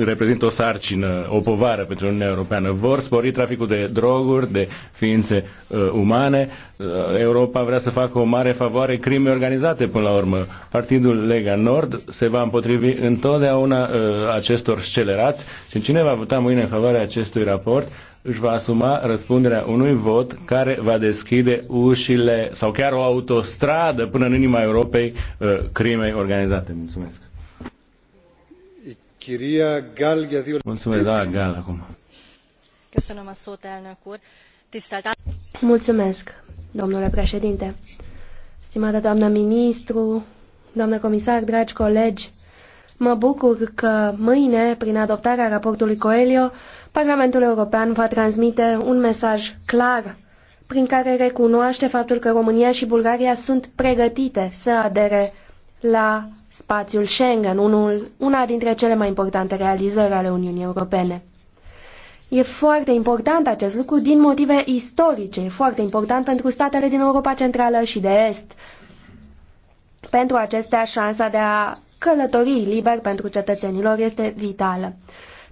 reprezintă o sarcină, o povară pentru Uniunea Europeană. Vor spori traficul de droguri, de ființe uh, umane. Uh, Europa vrea să facă o mare favoare crime organizate până la urmă. Partidul Lega Nord se va împotrivi întotdeauna uh, acestor scelerați și cine va vota mâine în favoarea acestui raport își va asuma răspunderea unui vot care va deschide ușile sau chiar o autostradă până în inima Europei uh, crimei organizate. Mulțumesc. Mulțumesc, da, Gal, acum. Mulțumesc, domnule președinte. Stimată doamnă ministru, doamnă comisar, dragi colegi, Mă bucur că mâine, prin adoptarea raportului Coelho, Parlamentul European va transmite un mesaj clar prin care recunoaște faptul că România și Bulgaria sunt pregătite să adere la spațiul Schengen, unul, una dintre cele mai importante realizări ale Uniunii Europene. E foarte important acest lucru din motive istorice, e foarte important pentru statele din Europa Centrală și de Est. Pentru acestea, șansa de a călătorii liber pentru cetățenilor este vitală.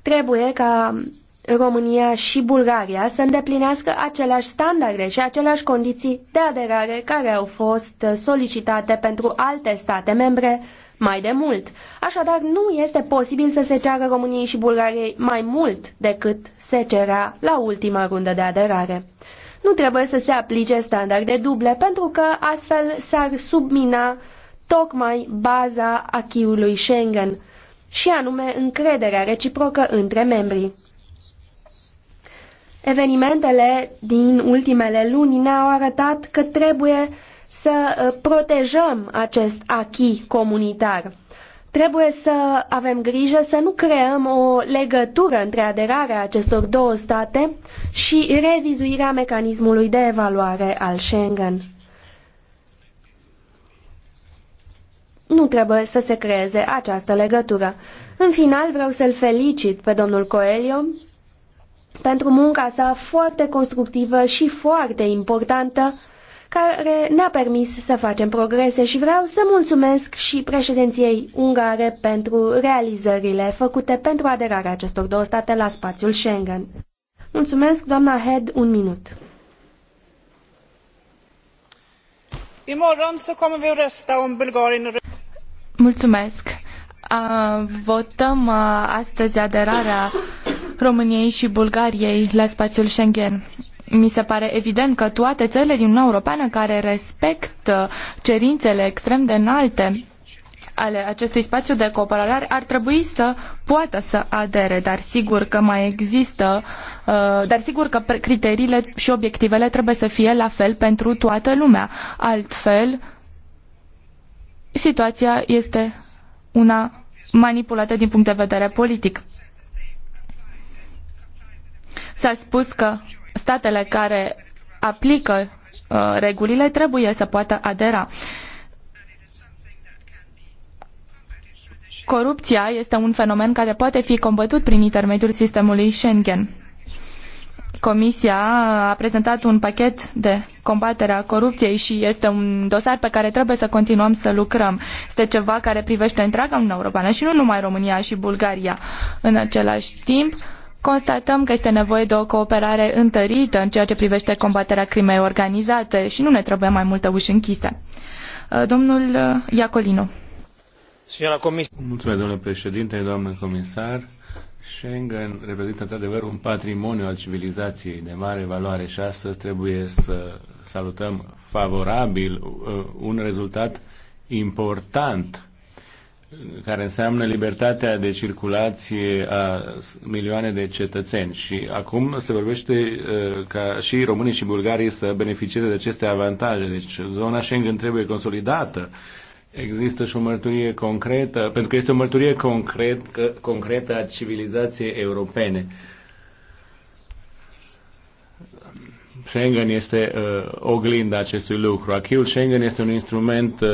Trebuie ca România și Bulgaria să îndeplinească aceleași standarde și aceleași condiții de aderare care au fost solicitate pentru alte state membre mai de mult. Așadar, nu este posibil să se ceară României și Bulgariei mai mult decât se cerea la ultima rundă de aderare. Nu trebuie să se aplice standarde duble pentru că astfel s-ar submina tocmai baza achiului Schengen, și anume încrederea reciprocă între membrii. Evenimentele din ultimele luni ne-au arătat că trebuie să uh, protejăm acest achi comunitar. Trebuie să avem grijă să nu creăm o legătură între aderarea acestor două state și revizuirea mecanismului de evaluare al Schengen. nu trebuie să se creeze această legătură. În final, vreau să-l felicit pe domnul Coelho pentru munca sa foarte constructivă și foarte importantă, care ne-a permis să facem progrese și vreau să mulțumesc și președinției ungare pentru realizările făcute pentru aderarea acestor două state la spațiul Schengen. Mulțumesc, doamna Head, un minut. Imorgon să kommer vi att Mulțumesc. Votăm astăzi aderarea României și Bulgariei la spațiul Schengen. Mi se pare evident că toate țările din Uniunea Europeană care respectă cerințele extrem de înalte ale acestui spațiu de cooperare ar trebui să poată să adere, dar sigur că mai există, dar sigur că criteriile și obiectivele trebuie să fie la fel pentru toată lumea. Altfel, situația este una manipulată din punct de vedere politic. S-a spus că statele care aplică uh, regulile trebuie să poată adera. Corupția este un fenomen care poate fi combătut prin intermediul sistemului Schengen. Comisia a prezentat un pachet de combatere a corupției și este un dosar pe care trebuie să continuăm să lucrăm. Este ceva care privește întreaga Uniune Europeană și nu numai România și Bulgaria. În același timp, constatăm că este nevoie de o cooperare întărită în ceea ce privește combaterea crimei organizate și nu ne trebuie mai multe uși închise. Uh, domnul uh, Iacolino. Mulțumesc, domnule președinte, doamnă comisar. Schengen reprezintă într-adevăr un patrimoniu al civilizației de mare valoare și astăzi trebuie să salutăm favorabil uh, un rezultat important care înseamnă libertatea de circulație a milioane de cetățeni. Și acum se vorbește uh, ca și românii și bulgarii să beneficieze de aceste avantaje. Deci zona Schengen trebuie consolidată există și o mărturie concretă, pentru că este o mărturie concret, că, concretă a civilizației europene. Schengen este uh, oglinda acestui lucru. Achiul Schengen este un instrument uh,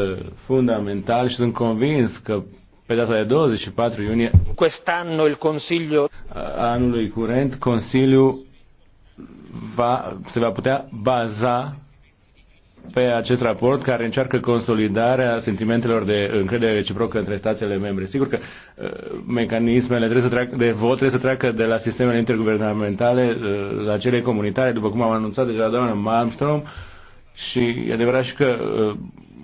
fundamental și sunt convins că pe data de 24 iunie quest'anno il Consiglio anului curent Consiliul va, se va putea baza pe acest raport care încearcă consolidarea sentimentelor de încredere reciprocă între statele membre. Sigur că uh, mecanismele trebuie să treacă, de vot trebuie să treacă de la sistemele interguvernamentale uh, la cele comunitare, după cum am anunțat deja doamna Malmström, și e adevărat și că uh,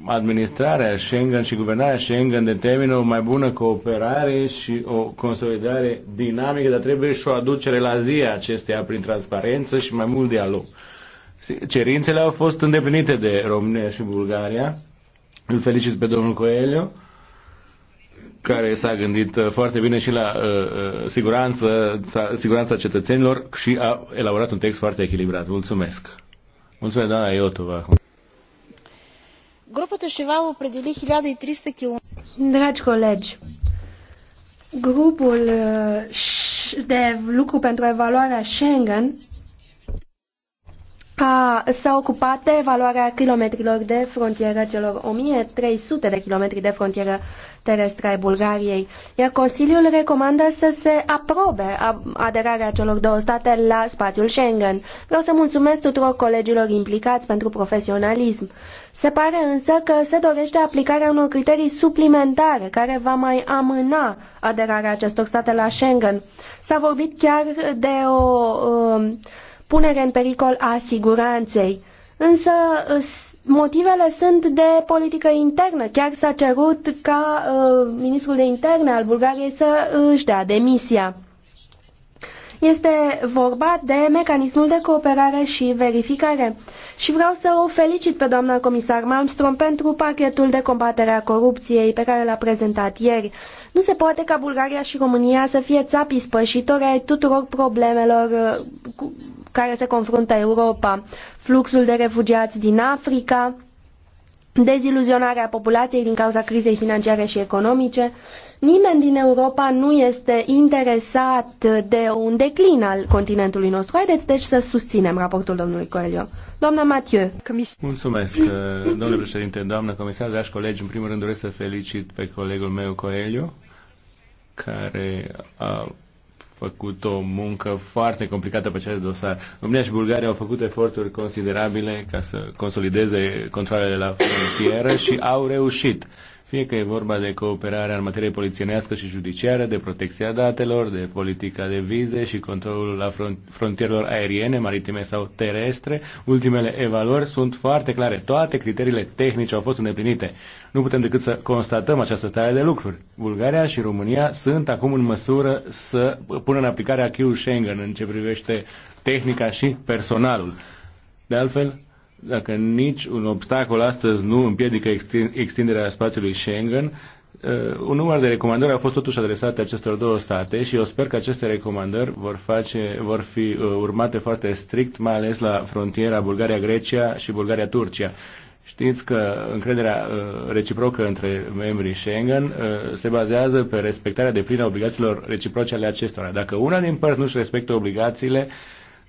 administrarea Schengen și guvernarea Schengen determină o mai bună cooperare și o consolidare dinamică, dar trebuie și o aducere la zi a prin transparență și mai mult dialog. Cerințele au fost îndeplinite de România și Bulgaria. Îl felicit pe domnul Coelho care s-a gândit uh, foarte bine și la uh, uh siguranță, siguranța cetățenilor și a elaborat un text foarte echilibrat. Mulțumesc. Mulțumesc, doamna Iotova. Grupul Teșeva opredeli 1300 km. Dragi colegi, grupul uh, de lucru pentru evaluarea Schengen a, s-a ocupat de evaluarea kilometrilor de frontieră celor 1300 de kilometri de frontieră terestră ai Bulgariei, iar Consiliul recomandă să se aprobe aderarea celor două state la spațiul Schengen. Vreau să mulțumesc tuturor colegilor implicați pentru profesionalism. Se pare însă că se dorește aplicarea unor criterii suplimentare care va mai amâna aderarea acestor state la Schengen. S-a vorbit chiar de o uh, punere în pericol a siguranței. Însă motivele sunt de politică internă. Chiar s-a cerut ca uh, ministrul de interne al Bulgariei să își dea demisia. Este vorba de mecanismul de cooperare și verificare. Și vreau să o felicit pe doamna comisar Malmström pentru pachetul de combatere a corupției pe care l-a prezentat ieri. Nu se poate ca Bulgaria și România să fie țapi spășitori ai tuturor problemelor uh, cu care se confruntă Europa. Fluxul de refugiați din Africa, deziluzionarea populației din cauza crizei financiare și economice. Nimeni din Europa nu este interesat de un declin al continentului nostru. Haideți deci să susținem raportul domnului Coelho. Doamna Mathieu. Mulțumesc, uh, domnule președinte, doamnă comisar, dragi colegi. În primul rând doresc să felicit pe colegul meu Coelho, care a făcut o muncă foarte complicată pe acest dosar. România și Bulgaria au făcut eforturi considerabile ca să consolideze controlele la frontieră și au reușit fie că e vorba de cooperarea în materie polițienească și judiciară, de protecția datelor, de politica de vize și controlul la frontierelor aeriene, maritime sau terestre. Ultimele evaluări sunt foarte clare. Toate criteriile tehnice au fost îndeplinite. Nu putem decât să constatăm această stare de lucruri. Bulgaria și România sunt acum în măsură să pună în aplicare acquis Schengen în ce privește tehnica și personalul. De altfel, dacă nici un obstacol astăzi nu împiedică extinderea spațiului Schengen, uh, un număr de recomandări au fost totuși adresate acestor două state și eu sper că aceste recomandări vor, face, vor fi uh, urmate foarte strict, mai ales la frontiera Bulgaria-Grecia și Bulgaria-Turcia. Știți că încrederea uh, reciprocă între membrii Schengen se bazează pe respectarea de plină obligațiilor reciproce ale acestora. Dacă una din părți nu-și respectă obligațiile,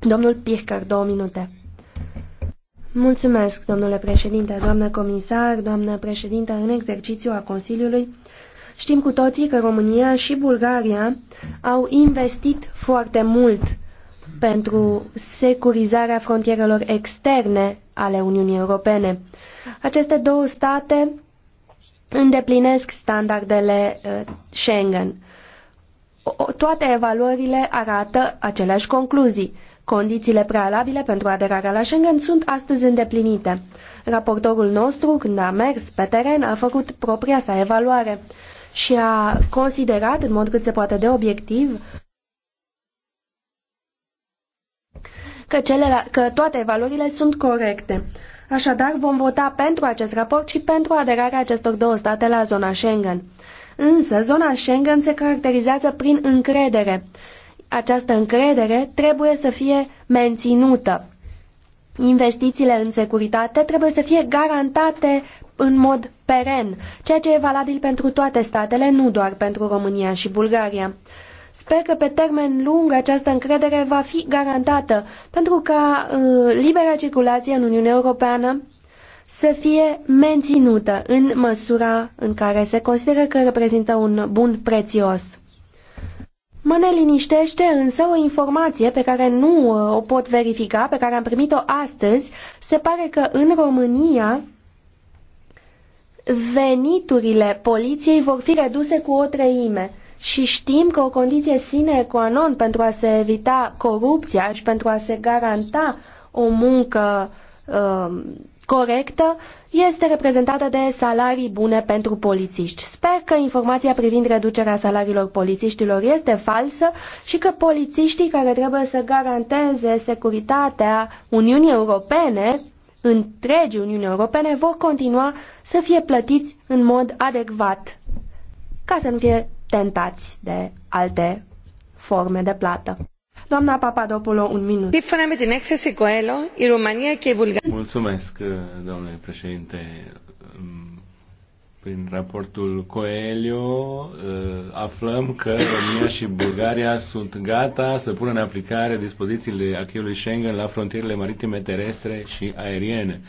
Domnul Pirker, două minute. Mulțumesc, domnule președinte, doamnă comisar, doamnă președinte în exercițiu a Consiliului. Știm cu toții că România și Bulgaria au investit foarte mult pentru securizarea frontierelor externe ale Uniunii Europene. Aceste două state îndeplinesc standardele uh, Schengen toate evaluările arată aceleași concluzii. Condițiile prealabile pentru aderarea la Schengen sunt astăzi îndeplinite. Raportorul nostru, când a mers pe teren, a făcut propria sa evaluare și a considerat, în mod cât se poate de obiectiv, că, cele, că toate evaluările sunt corecte. Așadar, vom vota pentru acest raport și pentru aderarea acestor două state la zona Schengen. Însă, zona Schengen se caracterizează prin încredere. Această încredere trebuie să fie menținută. Investițiile în securitate trebuie să fie garantate în mod peren, ceea ce e valabil pentru toate statele, nu doar pentru România și Bulgaria. Sper că pe termen lung această încredere va fi garantată pentru ca uh, libera circulație în Uniunea Europeană să fie menținută în măsura în care se consideră că reprezintă un bun prețios. Mă neliniștește însă o informație pe care nu uh, o pot verifica, pe care am primit-o astăzi. Se pare că în România veniturile poliției vor fi reduse cu o treime. Și știm că o condiție sine qua non pentru a se evita corupția și pentru a se garanta o muncă uh, corectă este reprezentată de salarii bune pentru polițiști. Sper că informația privind reducerea salariilor polițiștilor este falsă și că polițiștii care trebuie să garanteze securitatea Uniunii Europene, întregii Uniuni Europene, vor continua să fie plătiți în mod adecvat ca să nu fie tentați de alte forme de plată. Doamna Papadopoulou, un minut. Mulțumesc, domnule președinte. Prin raportul Coelho ă, aflăm că România și Bulgaria sunt gata să pună în aplicare dispozițiile acquis Schengen la frontierele maritime, terestre și aeriene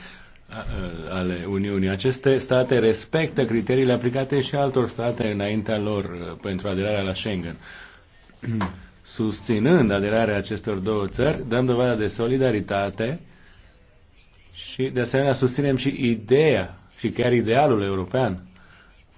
ă, ale Uniunii. Aceste state respectă criteriile aplicate și altor state înaintea lor ă, pentru aderarea la Schengen. susținând aderarea acestor două țări, dăm dovadă de solidaritate și, de asemenea, susținem și ideea și chiar idealul european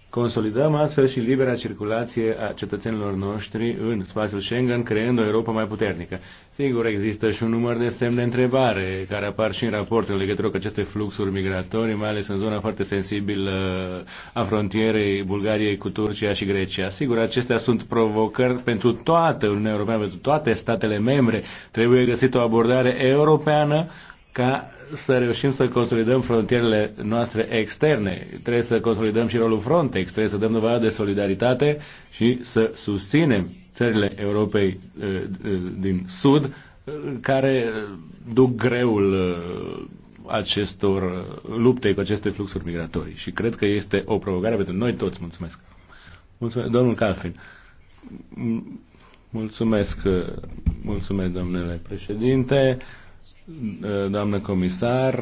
Consolidăm astfel și libera circulație a cetățenilor noștri în spațiul Schengen, creând o Europa mai puternică. Sigur, există și un număr de semne întrebare care apar și în raport în legătură cu aceste fluxuri migratorii, mai ales în zona foarte sensibilă a frontierei Bulgariei cu Turcia și Grecia. Sigur, acestea sunt provocări pentru toată Uniunea Europeană, pentru toate statele membre. Trebuie găsit o abordare europeană ca să reușim să consolidăm frontierele noastre externe. Trebuie să consolidăm și rolul Frontex, trebuie să dăm dovadă de solidaritate și să susținem țările Europei eh, eh, din Sud eh, care duc greul acestor lupte cu aceste fluxuri migratorii. Și cred că este o provocare pentru noi toți. Mulțumesc. Mulțumesc domnul Calfin. Mulțumesc, mulțumesc, domnule președinte doamnă comisar,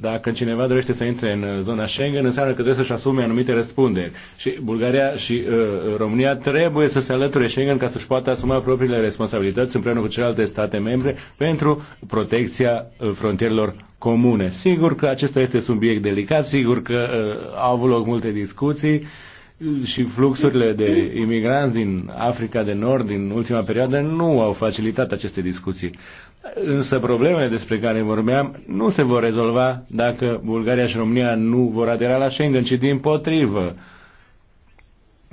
dacă cineva dorește să intre în zona Schengen, înseamnă că trebuie să-și asume anumite răspunderi. Și Bulgaria și uh, România trebuie să se alăture Schengen ca să-și poată asuma propriile responsabilități împreună cu celelalte state membre pentru protecția uh, frontierelor comune. Sigur că acesta este subiect delicat, sigur că uh, au avut loc multe discuții uh, și fluxurile de imigranți din Africa de Nord din ultima perioadă nu au facilitat aceste discuții. Însă problemele despre care vorbeam nu se vor rezolva dacă Bulgaria și România nu vor adera la Schengen, ci din potrivă.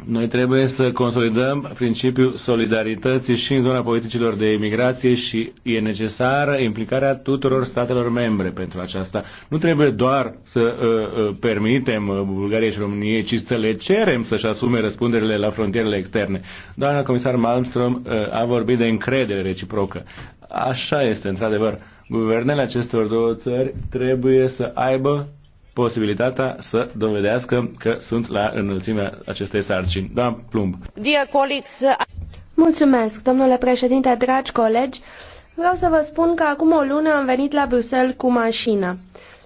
Noi trebuie să consolidăm principiul solidarității și în zona politicilor de imigrație și e necesară implicarea tuturor statelor membre pentru aceasta. Nu trebuie doar să uh, uh, permitem uh, Bulgariei și României, ci să le cerem să-și asume răspunderile la frontierele externe. Doamna comisar Malmström uh, a vorbit de încredere reciprocă. Așa este, într-adevăr. Guvernele acestor două țări trebuie să aibă posibilitatea să dovedească că sunt la înălțimea acestei sarcini. Da, Plumb. Uh, Mulțumesc, domnule președinte, dragi colegi. Vreau să vă spun că acum o lună am venit la Bruxelles cu mașina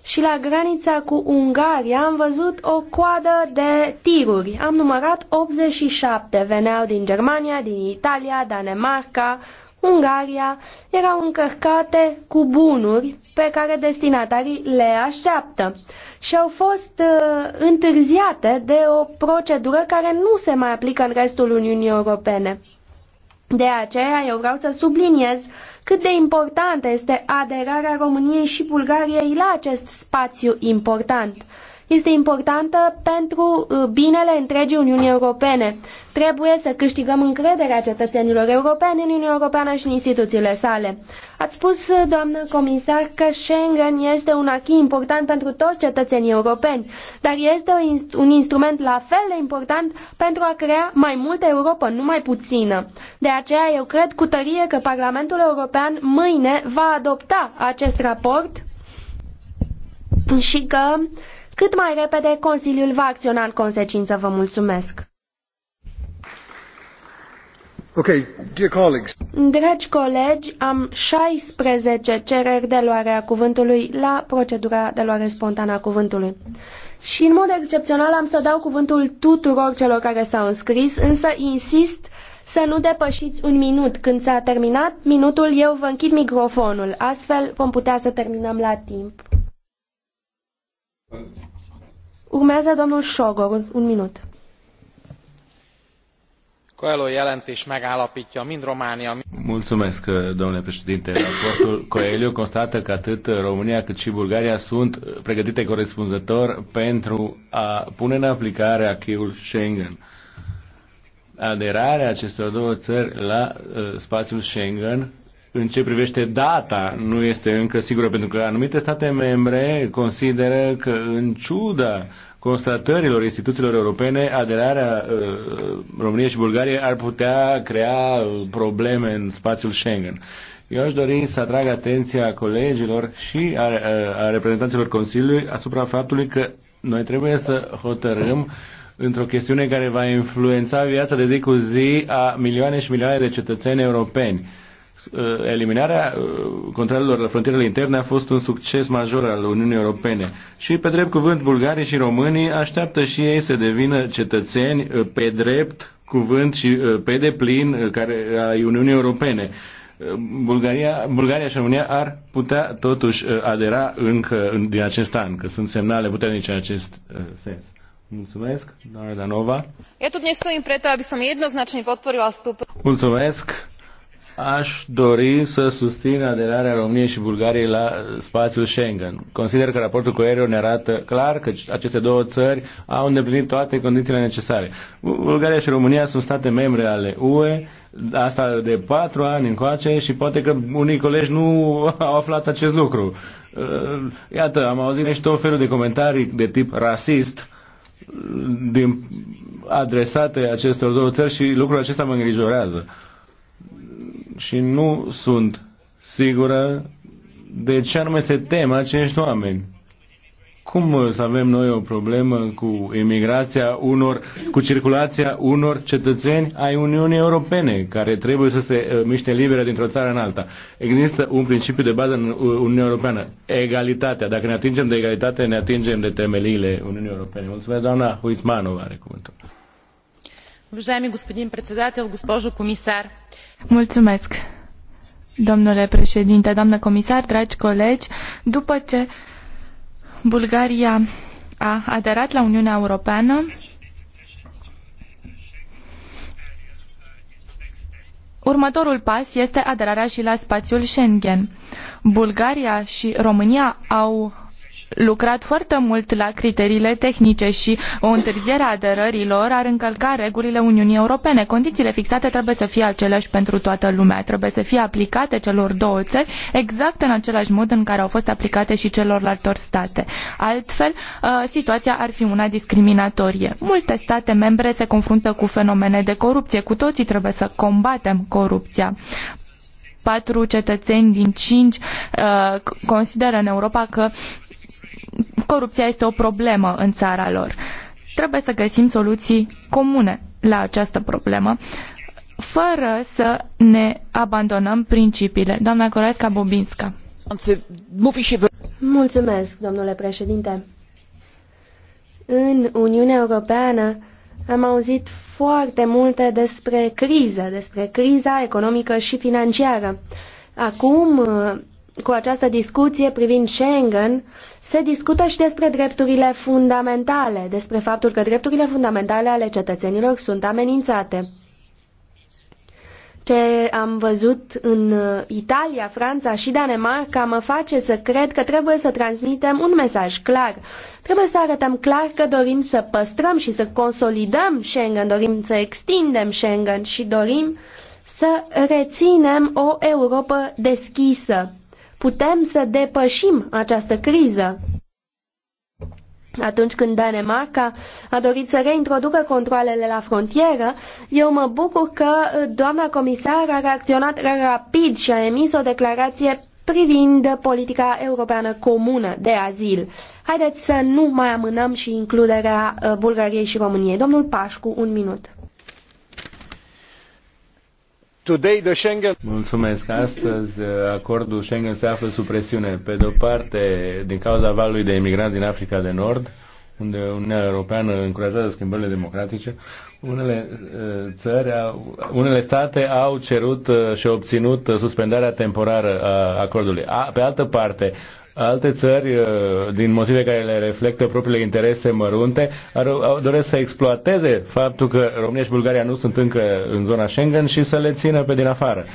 și la granița cu Ungaria am văzut o coadă de tiruri. Am numărat 87, veneau din Germania, din Italia, Danemarca, Ungaria erau încărcate cu bunuri pe care destinatarii le așteaptă și au fost uh, întârziate de o procedură care nu se mai aplică în restul Uniunii Europene. De aceea eu vreau să subliniez cât de importantă este aderarea României și Bulgariei la acest spațiu important. Este importantă pentru uh, binele întregii Uniunii Europene Trebuie să câștigăm încrederea cetățenilor europeni în Uniunea Europeană și în instituțiile sale. Ați spus, doamnă comisar, că Schengen este un acquis important pentru toți cetățenii europeni, dar este un instrument la fel de important pentru a crea mai multă Europa, nu mai puțină. De aceea eu cred cu tărie că Parlamentul European mâine va adopta acest raport și că cât mai repede Consiliul va acționa în consecință. Vă mulțumesc! Okay, dear colleagues. Dragi colegi, am 16 cereri de luare a cuvântului la procedura de luare spontană a cuvântului. Și în mod excepțional am să dau cuvântul tuturor celor care s-au înscris, însă insist să nu depășiți un minut. Când s-a terminat minutul, eu vă închid microfonul. Astfel vom putea să terminăm la timp. Urmează domnul Șogor, un minut coelho jelentés megállaptja mind románia. Mulțumesc, eh, domnule președinte. Raportul Coelho constată că atât România cât și Bulgaria sunt pregătite corespunzător pentru a pune în aplicare acquis Schengen. Aderarea acestor două țări la uh, spațiul Schengen în ce privește data nu este încă sigură, pentru că anumite state membre consideră că, în ciuda constatărilor instituțiilor europene, aderarea uh, României și Bulgariei ar putea crea uh, probleme în spațiul Schengen. Eu aș dori să atrag atenția colegilor și a, a reprezentanților Consiliului asupra faptului că noi trebuie să hotărâm într-o chestiune care va influența viața de zi cu zi a milioane și milioane de cetățeni europeni Eh, eliminarea eh, controlelor la frontierele interne a fost un succes major al Uniunii Europene. Și pe drept cuvânt, bulgarii și românii așteaptă și ei să devină cetățeni eh, pe drept cuvânt și pe deplin care ai Uniunii Europene. Bulgaria, Bulgaria și România ar putea totuși adera încă din acest an, că sunt semnale puternice în acest sens. Mulțumesc, doamna Danova. Ja tot nu sunt preto, aby som jednoznačne podporila vstup. Mulțumesc. Aș dori să susțin aderarea României și Bulgariei la spațiul Schengen. Consider că raportul cu Aereo ne arată clar că aceste două țări au îndeplinit toate condițiile necesare. Bulgaria și România sunt state membre ale UE, asta de patru ani încoace și poate că unii colegi nu au aflat acest lucru. Uh, iată, am auzit și tot felul de comentarii de tip rasist din adresate acestor două țări și lucrul acesta mă îngrijorează și nu sunt sigură de ce anume se tem acești oameni. Cum să avem noi o problemă cu emigrația unor, cu circulația unor cetățeni ai Uniunii Europene care trebuie să se uh, miște libere dintr-o țară în alta? Există un principiu de bază în Uniunea Europeană, egalitatea. Dacă ne atingem de egalitate, ne atingem de temeliile Uniunii Europene. Mulțumesc, doamna Huismanova, are cuvântul. Уважаеми господин председател, госпожо комисар. Mulțumesc. Domnule președinte, doamnă comisar, dragi colegi, după ce Bulgaria a aderat la Uniunea Europeană, Următorul pas este aderarea și la spațiul Schengen. Bulgaria și România au lucrat foarte mult la criteriile tehnice și o întârziere a aderărilor ar încălca regulile Uniunii Europene. Condițiile fixate trebuie să fie aceleași pentru toată lumea, trebuie să fie aplicate celor două țări exact în același mod în care au fost aplicate și celorlalte state. Altfel, uh, situația ar fi una discriminatorie. Multe state membre se confruntă cu fenomene de corupție. Cu toții trebuie să combatem corupția patru cetățeni din cinci uh, consideră în Europa că corupția este o problemă în țara lor. Trebuie să găsim soluții comune la această problemă fără să ne abandonăm principiile. Doamna Coraesca Bobinska. Mulțumesc, domnule președinte. În Uniunea Europeană am auzit foarte multe despre criză, despre criza economică și financiară. Acum, cu această discuție privind Schengen, se discută și despre drepturile fundamentale, despre faptul că drepturile fundamentale ale cetățenilor sunt amenințate. Ce am văzut în Italia, Franța și Danemarca mă face să cred că trebuie să transmitem un mesaj clar. Trebuie să arătăm clar că dorim să păstrăm și să consolidăm Schengen, dorim să extindem Schengen și dorim să reținem o Europa deschisă Putem să depășim această criză. Atunci când Danemarca a dorit să reintroducă controlele la frontieră, eu mă bucur că uh, doamna comisar a reacționat rapid și a emis o declarație privind politica europeană comună de azil. Haideți să nu mai amânăm și includerea uh, Bulgariei și României. Domnul Pașcu, un minut. Today the Schengen... Mulțumesc. Astăzi uh, acordul Schengen se află sub presiune. Pe de-o parte, din cauza valului de imigranți din Africa de Nord, unde Uniunea Europeană încurajează schimbările democratice, unele uh, țări, unele state au cerut uh, și obținut suspendarea temporară a acordului. A, pe altă parte, Alte țări, uh, din motive care le reflectă propriile interese mărunte, doresc să exploateze faptul că România și Bulgaria nu sunt încă în zona Schengen și să le țină pe din afară.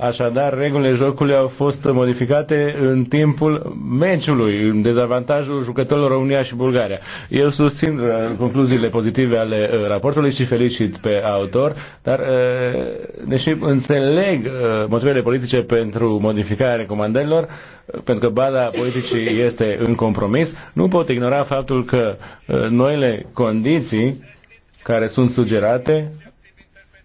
Așadar, regulile jocului au fost modificate în timpul meciului, în dezavantajul jucătorilor România și Bulgaria. Eu susțin uh, concluziile pozitive ale uh, raportului și felicit pe autor, dar deși uh, înțeleg motivele politice pentru modificarea recomandărilor, pentru că baza politicii este în compromis, nu pot ignora faptul că noile condiții care sunt sugerate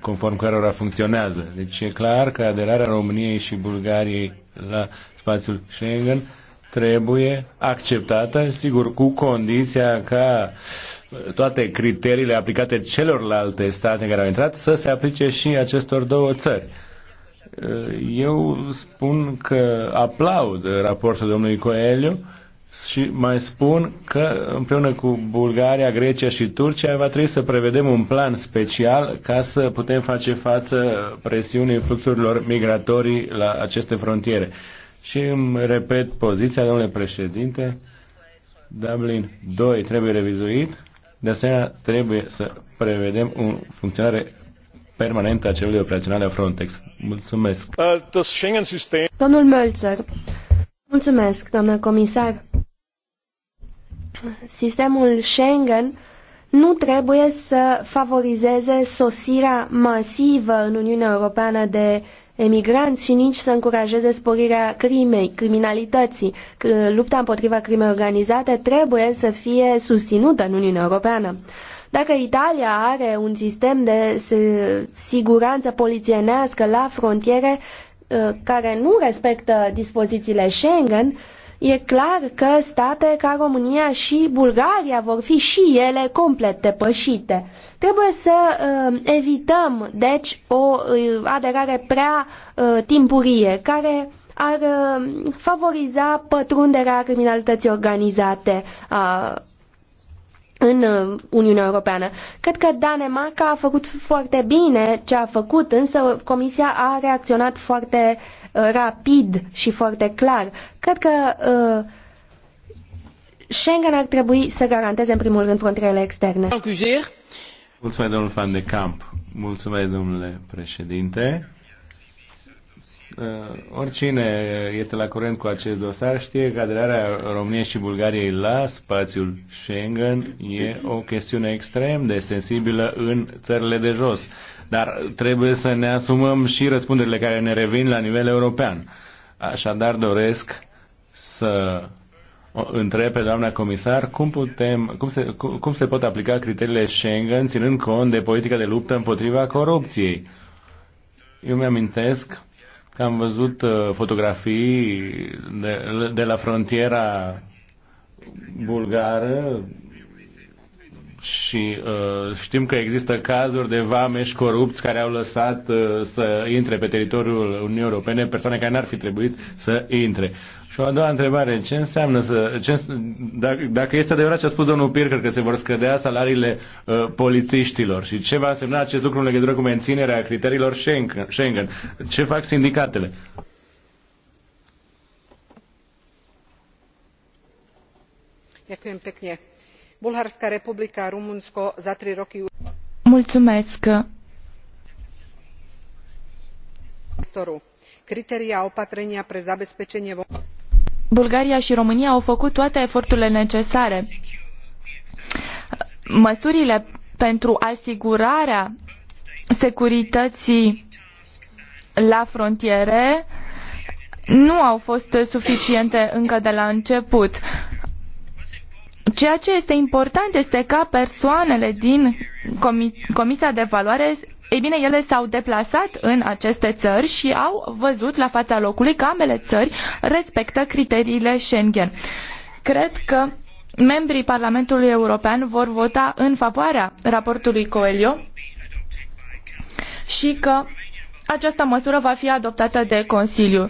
conform cărora funcționează. Deci e clar că aderarea României și Bulgariei la spațiul Schengen trebuie acceptată, sigur, cu condiția ca toate criteriile aplicate celorlalte state care au intrat să se aplice și acestor două țări. Eu spun că aplaud raportul domnului Coelho și mai spun că împreună cu Bulgaria, Grecia și Turcia va trebui să prevedem un plan special ca să putem face față presiunii fluxurilor migratorii la aceste frontiere. Și îmi repet poziția, domnule președinte, Dublin 2 trebuie revizuit, de asemenea trebuie să prevedem o funcționare permanentă a celui operaționale a Frontex. Mulțumesc. Uh, Domnul Mölzer, mulțumesc, domnule comisar. Sistemul Schengen nu trebuie să favorizeze sosirea masivă în Uniunea Europeană de emigranți și nici să încurajeze sporirea crimei, criminalității. Lupta împotriva crimei organizate trebuie să fie susținută în Uniunea Europeană. Dacă Italia are un sistem de siguranță polițienească la frontiere uh, care nu respectă dispozițiile Schengen, E clar că state ca România și Bulgaria vor fi și ele complet depășite. Trebuie să uh, evităm, deci, o uh, aderare prea uh, timpurie, care ar uh, favoriza pătrunderea criminalității organizate uh, în uh, Uniunea Europeană. Cred că Danemarca a făcut foarte bine ce a făcut, însă Comisia a reacționat foarte Uh, rapid și foarte clar. Cred că uh, Schengen ar trebui să garanteze în primul rând frontierele externe. Mulțumesc, domnul Van de Camp. Mulțumesc, domnule președinte. Uh, oricine este la curent cu acest dosar știe că aderarea României și Bulgariei la spațiul Schengen e o chestiune extrem de sensibilă în țările de jos. Dar trebuie să ne asumăm și răspunderile care ne revin la nivel european. Așadar doresc să întreb pe doamna comisar cum, putem, cum, se, cum, cum se pot aplica criteriile Schengen ținând cont de politica de luptă împotriva corupției. Eu mi-amintesc am văzut uh, fotografii de, de la frontiera bulgară și uh, știm că există cazuri de vameși corupți care au lăsat uh, să intre pe teritoriul Uniunii Europene persoane care n-ar fi trebuit să intre. Și o a doua întrebare, ce înseamnă să... Ce, dacă, dacă este adevărat ce a spus domnul Pircăr, că se vor scădea salariile uh, polițiștilor și ce va însemna acest lucru în legătură cu menținerea criteriilor Schengen? Schengen ce fac sindicatele? Ďakujem pekne. Bulharská republika Rumunsko za tri roky... Mulțumesc. Critéria opatrenia pre zabezpečenie... Bulgaria și România au făcut toate eforturile necesare. Măsurile pentru asigurarea securității la frontiere nu au fost suficiente încă de la început. Ceea ce este important este ca persoanele din Comisia de Valoare ei bine, ele s-au deplasat în aceste țări și au văzut la fața locului că ambele țări respectă criteriile Schengen. Cred că membrii Parlamentului European vor vota în favoarea raportului Coelho și că această măsură va fi adoptată de Consiliu.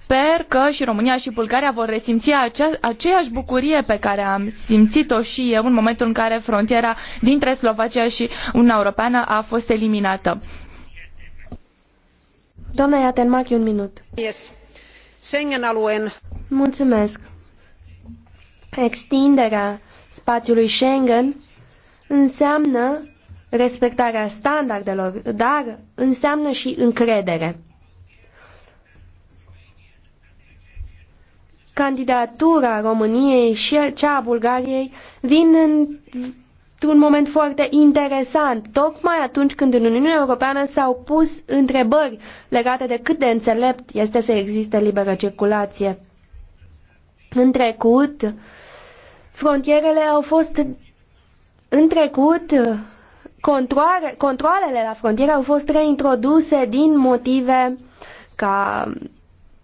Sper că și România și Bulgaria vor resimți acea, aceeași bucurie pe care am simțit-o și eu în momentul în care frontiera dintre Slovacia și Uniunea Europeană a fost eliminată. Doamna Iatenmachi, un minut. Mulțumesc. Extinderea spațiului Schengen înseamnă respectarea standardelor, dar înseamnă și încredere. Candidatura României și cea a Bulgariei vin într-un moment foarte interesant, tocmai atunci când în Uniunea Europeană s-au pus întrebări legate de cât de înțelept este să existe liberă circulație. În trecut, frontierele au fost în trecut Controare, controlele la frontieră au fost reintroduse din motive ca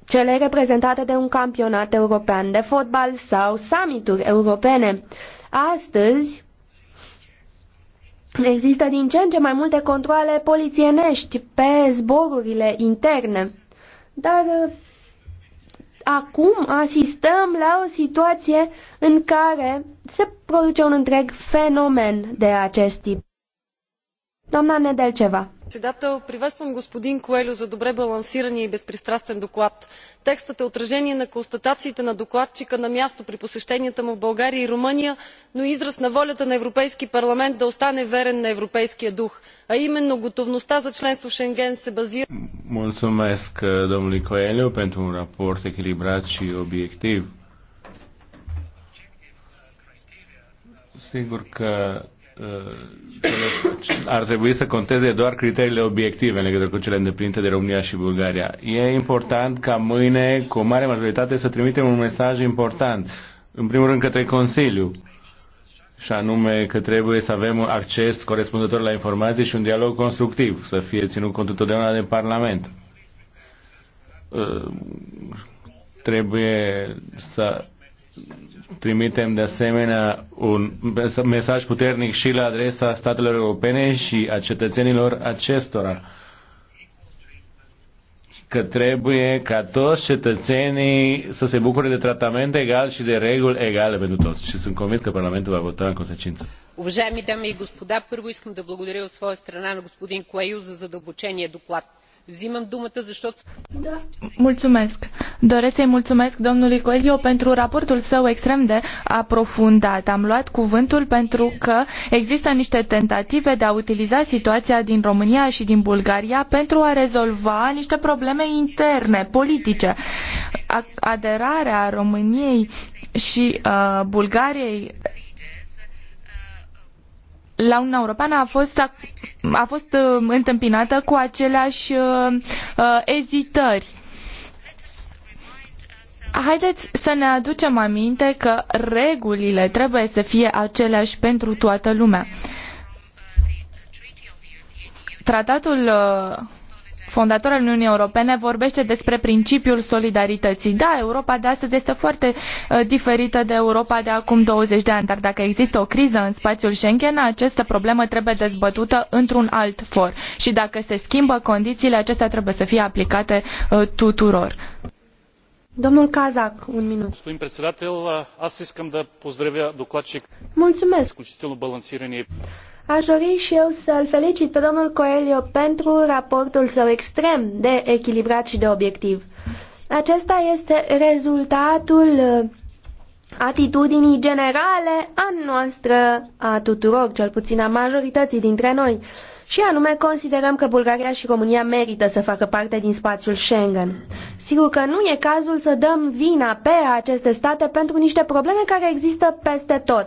cele reprezentate de un campionat european de fotbal sau summituri europene. Astăzi există din ce în ce mai multe controle polițienești pe zborurile interne, dar uh, acum asistăm la o situație în care se produce un întreg fenomen de acest tip. Doamna Nedelceva. Председател, приветствам господин Коелю за добре балансирания и безпристрастен доклад. Текстът е отражение на констатациите на докладчика на място при посещенията му в България и Румъния, но и израз на волята на Европейски парламент да остане верен на европейския дух, а именно готовността за членство в Шенген се базира... Mulțumesc, domnului Coelho, pentru un raport echilibrat și obiectiv. Sigur că Uh, ar trebui să conteze doar criteriile obiective în legătură cu cele îndeplinite de România și Bulgaria. E important ca mâine, cu o mare majoritate, să trimitem un mesaj important. În primul rând către Consiliu, și anume că trebuie să avem acces corespunzător la informații și un dialog constructiv, să fie ținut cont întotdeauna de Parlament. Uh, trebuie să trimitem de asemenea un mesaj puternic și la adresa statelor europene și a cetățenilor acestora că trebuie ca toți cetățenii să se bucure de tratament egal și de reguli egale pentru toți. Și sunt convins că Parlamentul va vota în consecință. Уважаеми дами и господа, първо искам да благодаря от своя страна на господин Коел за задълбочения доклад. Mulțumesc. Doresc să-i mulțumesc domnului Coelho pentru raportul său extrem de aprofundat. Am luat cuvântul pentru că există niște tentative de a utiliza situația din România și din Bulgaria pentru a rezolva niște probleme interne, politice. Aderarea României și uh, Bulgariei la Uniunea Europeană a fost, a, fost uh, întâmpinată cu aceleași uh, uh, ezitări. Haideți să ne aducem aminte că regulile trebuie să fie aceleași pentru toată lumea. Tratatul uh, fondator al Uniunii Europene, vorbește despre principiul solidarității. Da, Europa de astăzi este foarte uh, diferită de Europa de acum 20 de ani, dar dacă există o criză în spațiul Schengen, această problemă trebuie dezbătută într-un alt for. Și dacă se schimbă condițiile, acestea trebuie să fie aplicate uh, tuturor. Domnul Kazak, un minut. Господин председател, аз искам да поздравя Mulțumesc. Изключително балансирани Aș dori și eu să-l felicit pe domnul Coelho pentru raportul său extrem de echilibrat și de obiectiv. Acesta este rezultatul uh, atitudinii generale a noastră, a tuturor, cel puțin a majorității dintre noi. Și anume, considerăm că Bulgaria și România merită să facă parte din spațiul Schengen. Sigur că nu e cazul să dăm vina pe aceste state pentru niște probleme care există peste tot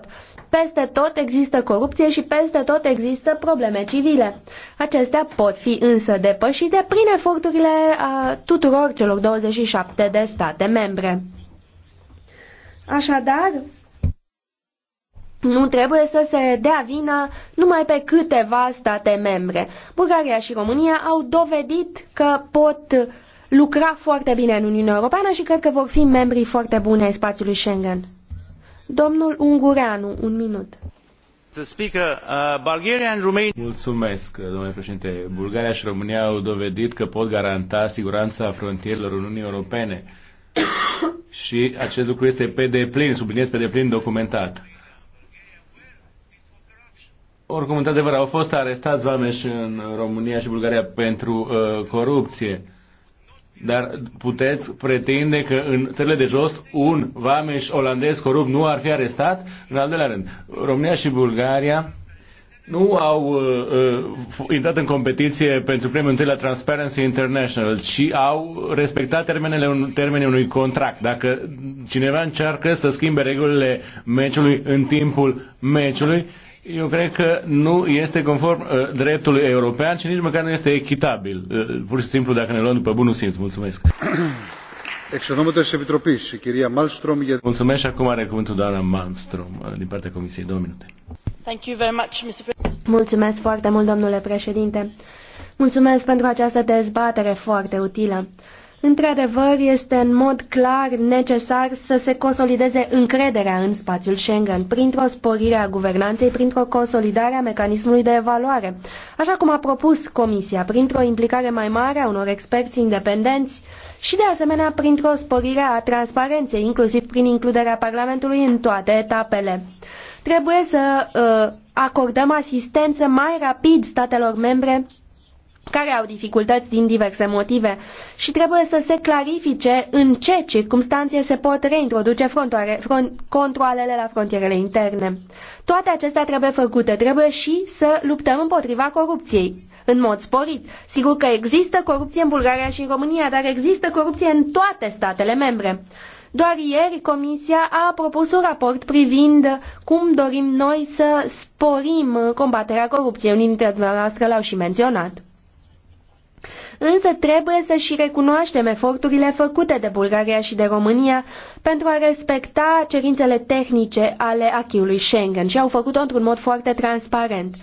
peste tot există corupție și peste tot există probleme civile. Acestea pot fi însă depășite prin eforturile a tuturor celor 27 de state membre. Așadar, nu trebuie să se dea vina numai pe câteva state membre. Bulgaria și România au dovedit că pot lucra foarte bine în Uniunea Europeană și cred că vor fi membri foarte buni ai spațiului Schengen. Domnul Ungureanu, un minut. Uh, Mulțumesc, domnule președinte. Bulgaria și România au dovedit că pot garanta siguranța frontierelor Uniunii Europene și acest lucru este pe deplin, subliniez pe deplin documentat. Oricum, într-adevăr, au fost arestați vameși în România și Bulgaria pentru uh, corupție. Dar puteți pretinde că în țările de jos un vameș olandez corupt nu ar fi arestat? În al doilea rând, România și Bulgaria nu au uh, uh, intrat în competiție pentru premiul întâi la Transparency International, ci au respectat termenele un, termenii unui contract. Dacă cineva încearcă să schimbe regulile meciului în timpul meciului, eu cred că nu este conform uh, dreptului european și nici măcar nu este echitabil. Uh, pur și simplu dacă ne luăm după bunul simț. Mulțumesc. Mulțumesc și acum are cuvântul doamna Malmström uh, din partea Comisiei. Două minute. Thank you very much, Mr. Mulțumesc foarte mult, domnule președinte. Mulțumesc pentru această dezbatere foarte utilă. Într-adevăr, este în mod clar necesar să se consolideze încrederea în spațiul Schengen printr-o sporire a guvernanței, printr-o consolidare a mecanismului de evaluare, așa cum a propus Comisia, printr-o implicare mai mare a unor experți independenți și, de asemenea, printr-o sporire a transparenței, inclusiv prin includerea Parlamentului în toate etapele. Trebuie să uh, acordăm asistență mai rapid statelor membre care au dificultăți din diverse motive și trebuie să se clarifice în ce circunstanțe se pot reintroduce front, controalele la frontierele interne. Toate acestea trebuie făcute, trebuie și să luptăm împotriva corupției, în mod sporit. Sigur că există corupție în Bulgaria și în România, dar există corupție în toate statele membre. Doar ieri Comisia a propus un raport privind cum dorim noi să sporim combaterea corupției. Unii dintre dumneavoastră l-au și menționat însă trebuie să și recunoaștem eforturile făcute de Bulgaria și de România pentru a respecta cerințele tehnice ale acquis-ului Schengen și au făcut-o într-un mod foarte transparent.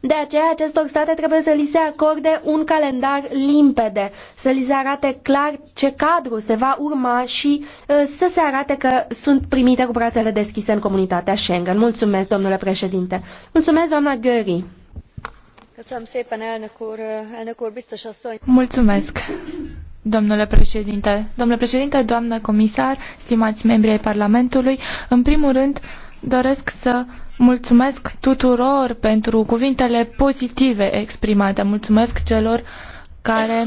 De aceea, acestor state trebuie să li se acorde un calendar limpede, să li se arate clar ce cadru se va urma și uh, să se arate că sunt primite cu brațele deschise în comunitatea Schengen. Mulțumesc, domnule președinte. Mulțumesc, doamna Gării. Mulțumesc, domnule președinte. Domnule președinte, doamnă comisar, stimați membri ai Parlamentului, în primul rând doresc să mulțumesc tuturor pentru cuvintele pozitive exprimate. Mulțumesc celor care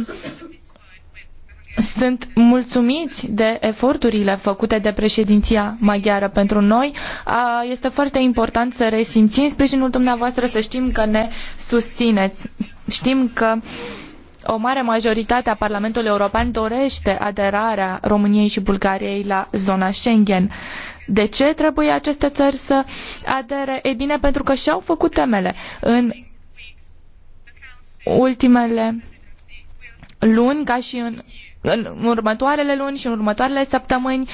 sunt mulțumiți de eforturile făcute de președinția maghiară pentru noi. Este foarte important să resimțim sprijinul dumneavoastră, să știm că ne susțineți. Știm că o mare majoritate a Parlamentului European dorește aderarea României și Bulgariei la zona Schengen. De ce trebuie aceste țări să adere? Ei bine, pentru că și-au făcut temele. În ultimele luni, ca și în în următoarele luni și în următoarele săptămâni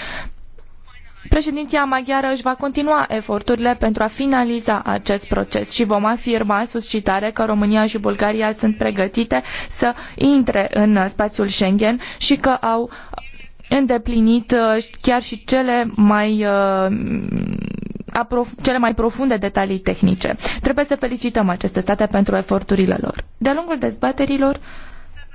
Președinția maghiară își va continua eforturile pentru a finaliza acest proces și vom afirma suscitare că România și Bulgaria sunt pregătite să intre în spațiul Schengen și că au îndeplinit uh, chiar și cele mai uh, cele mai profunde detalii tehnice. Trebuie să felicităm aceste state pentru eforturile lor. De-a lungul dezbaterilor,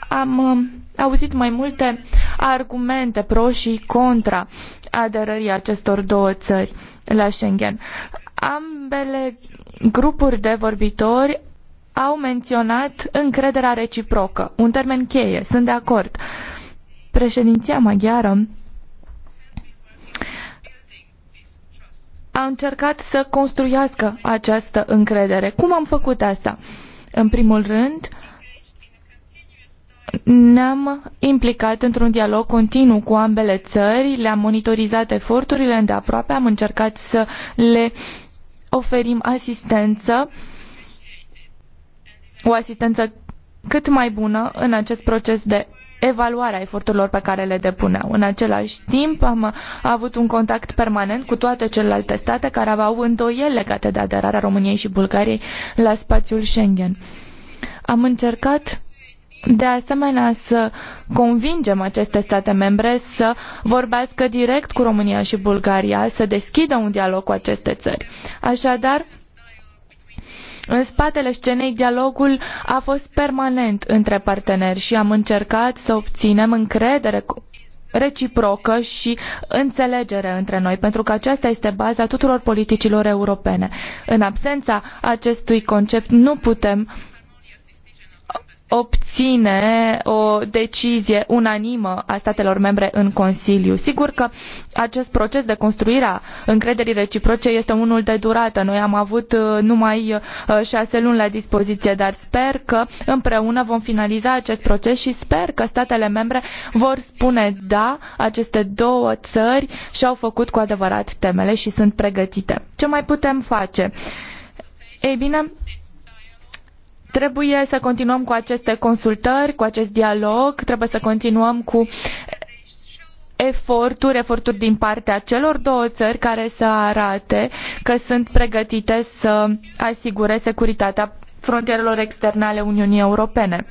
am um, auzit mai multe argumente pro și contra aderării acestor două țări la Schengen. Ambele grupuri de vorbitori au menționat încrederea reciprocă, un termen cheie, sunt de acord. Președinția maghiară a încercat să construiască această încredere. Cum am făcut asta? În primul rând, ne-am implicat într-un dialog continuu cu ambele țări, le-am monitorizat eforturile îndeaproape, am încercat să le oferim asistență, o asistență cât mai bună în acest proces de evaluare a eforturilor pe care le depuneau. În același timp, am avut un contact permanent cu toate celelalte state care aveau îndoieli legate de aderarea României și Bulgariei la spațiul Schengen. Am încercat de asemenea să convingem aceste state membre să vorbească direct cu România și Bulgaria, să deschidă un dialog cu aceste țări. Așadar, în spatele scenei, dialogul a fost permanent între parteneri și am încercat să obținem încredere reciprocă și înțelegere între noi, pentru că aceasta este baza tuturor politicilor europene. În absența acestui concept nu putem uh, obține o decizie unanimă a statelor membre în Consiliu. Sigur că acest proces de construire a încrederii reciproce este unul de durată. Noi am avut uh, numai uh, șase luni la dispoziție, dar sper că împreună vom finaliza acest proces și sper că statele membre vor spune da, aceste două țări și-au făcut cu adevărat temele și sunt pregătite. Ce mai putem face? Ei bine, Trebuie să continuăm cu aceste consultări, cu acest dialog, trebuie să continuăm cu eforturi, eforturi din partea celor două țări care să arate că sunt pregătite să asigure securitatea frontierelor externe ale Uniunii Europene.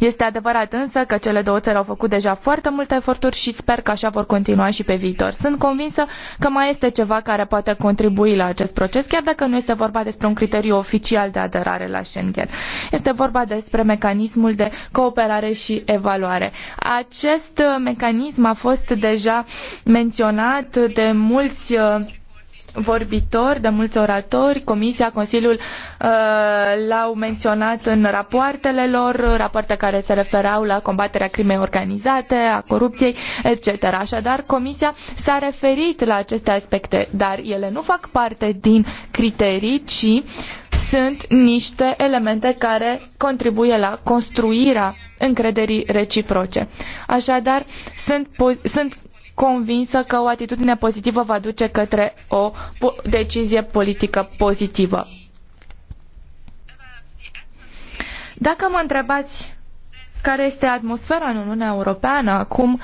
Este adevărat însă că cele două țări au făcut deja foarte multe eforturi și sper că așa vor continua și pe viitor. Sunt convinsă că mai este ceva care poate contribui la acest proces, chiar dacă nu este vorba despre un criteriu oficial de aderare la Schengen. Este vorba despre mecanismul de cooperare și evaluare. Acest mecanism a fost deja menționat de mulți uh, vorbitori, de mulți oratori. Comisia, Consiliul uh, l-au menționat în rapoartele lor, rapoarte care se referau la combaterea crimei organizate, a corupției, etc. Așadar, Comisia s-a referit la aceste aspecte, dar ele nu fac parte din criterii, ci sunt niște elemente care contribuie la construirea încrederii reciproce. Așadar, sunt, sunt convinsă că o atitudine pozitivă va duce către o decizie politică pozitivă. Dacă mă întrebați care este atmosfera în Uniunea Europeană acum,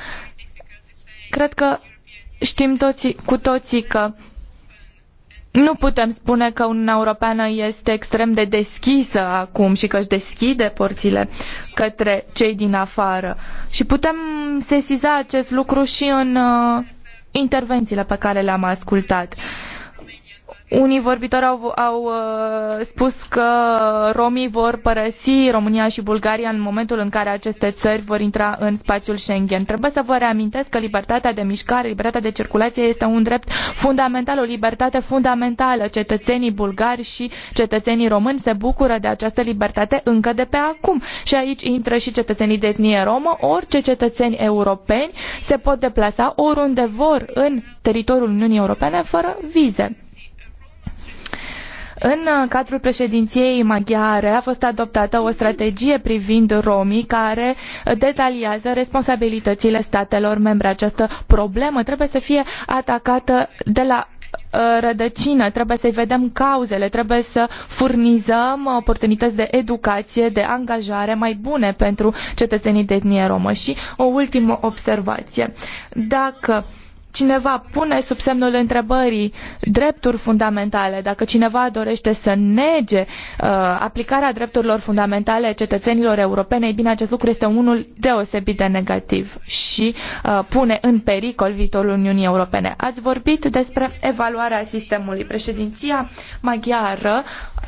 cred că știm toții, cu toții că nu putem spune că Uniunea Europeană este extrem de deschisă acum și că își deschide porțile către cei din afară. Și putem sesiza acest lucru și în uh, intervențiile pe care le-am ascultat. Uh, unii vorbitori au, au uh, spus că romii vor părăsi România și Bulgaria în momentul în care aceste țări vor intra în spațiul Schengen. Trebuie să vă reamintesc că libertatea de mișcare, libertatea de circulație este un drept fundamental, o libertate fundamentală. Cetățenii bulgari și cetățenii români se bucură de această libertate încă de pe acum. Și aici intră și cetățenii de etnie romă, orice cetățeni europeni se pot deplasa oriunde vor în teritoriul Uniunii Europene fără vize. În uh, cadrul președinției maghiare a fost adoptată o strategie privind romii care uh, detaliază responsabilitățile statelor membre. Această problemă trebuie să fie atacată de la uh, rădăcină, trebuie să-i vedem cauzele, trebuie să furnizăm oportunități de educație, de angajare mai bune pentru cetățenii de etnie romă. Și o ultimă observație. Dacă cineva pune sub semnul întrebării drepturi fundamentale, dacă cineva dorește să nege uh, aplicarea drepturilor fundamentale cetățenilor europene, ei bine, acest lucru este unul deosebit de negativ și uh, pune în pericol viitorul Uniunii Europene. Ați vorbit despre evaluarea sistemului. Președinția maghiară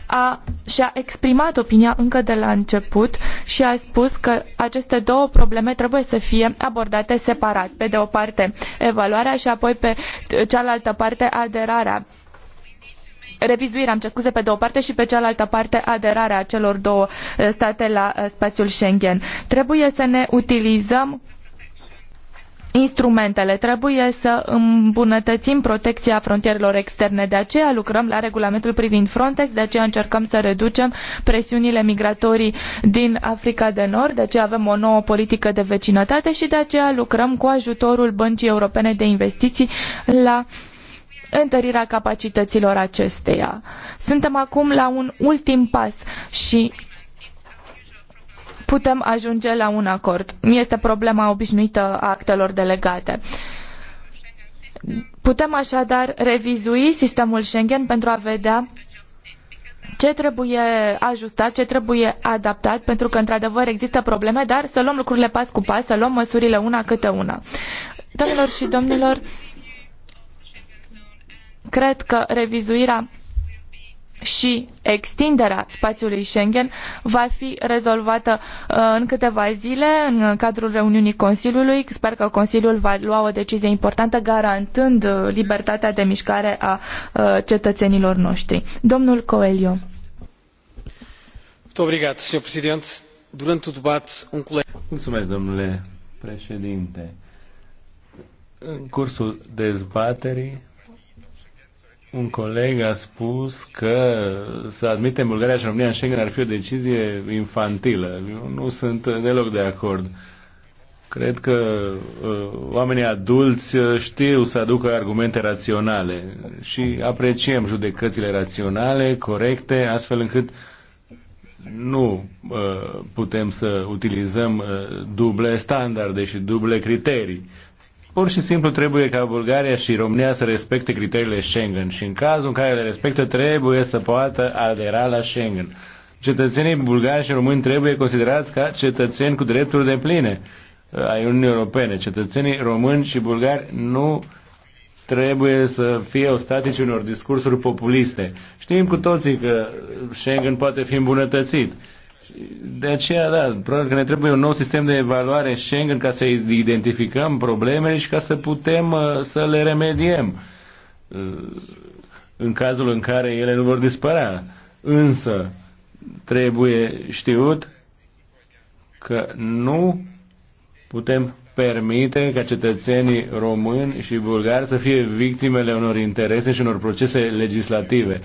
a, și-a exprimat opinia încă de la început și a spus că aceste două probleme trebuie să fie abordate separat. Pe de o parte, evaluarea integrarea și apoi pe cealaltă parte aderarea revizuirea, am cer scuze, pe de o parte și pe cealaltă parte aderarea celor două eh, state la eh, spațiul Schengen. Trebuie să ne utilizăm instrumentele. Trebuie să îmbunătățim protecția frontierelor externe. De aceea lucrăm la regulamentul privind Frontex, de aceea încercăm să reducem presiunile migratorii din Africa de Nord, de aceea avem o nouă politică de vecinătate și de aceea lucrăm cu ajutorul Băncii Europene de Investiții la întărirea capacităților acesteia. Suntem acum la un ultim pas și putem ajunge la un acord. Este problema obișnuită a actelor delegate. Putem așadar revizui sistemul Schengen pentru a vedea ce trebuie ajustat, ce trebuie adaptat, pentru că într-adevăr există probleme, dar să luăm lucrurile pas cu pas, să luăm măsurile una câte una. Domnilor și domnilor, cred că revizuirea și extinderea spațiului Schengen va fi rezolvată uh, în câteva zile în cadrul reuniunii Consiliului. Sper că Consiliul va lua o decizie importantă garantând uh, libertatea de mișcare a uh, cetățenilor noștri. Domnul Coelho. Um Mulțumesc, domnule președinte. În cursul dezbaterii, un coleg a spus că să admitem Bulgaria și România în Schengen ar fi o decizie infantilă. Eu nu sunt deloc de acord. Cred că uh, oamenii adulți uh, știu să aducă argumente raționale și apreciem judecățile raționale, corecte, astfel încât nu uh, putem să utilizăm uh, duble standarde și duble criterii Pur și simplu trebuie ca Bulgaria și România să respecte criteriile Schengen și în cazul în care le respectă trebuie să poată adera la Schengen. Cetățenii bulgari și români trebuie considerați ca cetățeni cu drepturi de pline uh, ai Uniunii Europene. Cetățenii români și bulgari nu trebuie să fie ostatici unor discursuri populiste. Știm cu toții că Schengen poate fi îmbunătățit de aceea, da, probabil că ne trebuie un nou sistem de evaluare Schengen ca să identificăm problemele și ca să putem uh, să le remediem uh, în cazul în care ele nu vor dispărea. Însă, trebuie știut că nu putem permite ca cetățenii români și bulgari să fie victimele unor interese și unor procese legislative.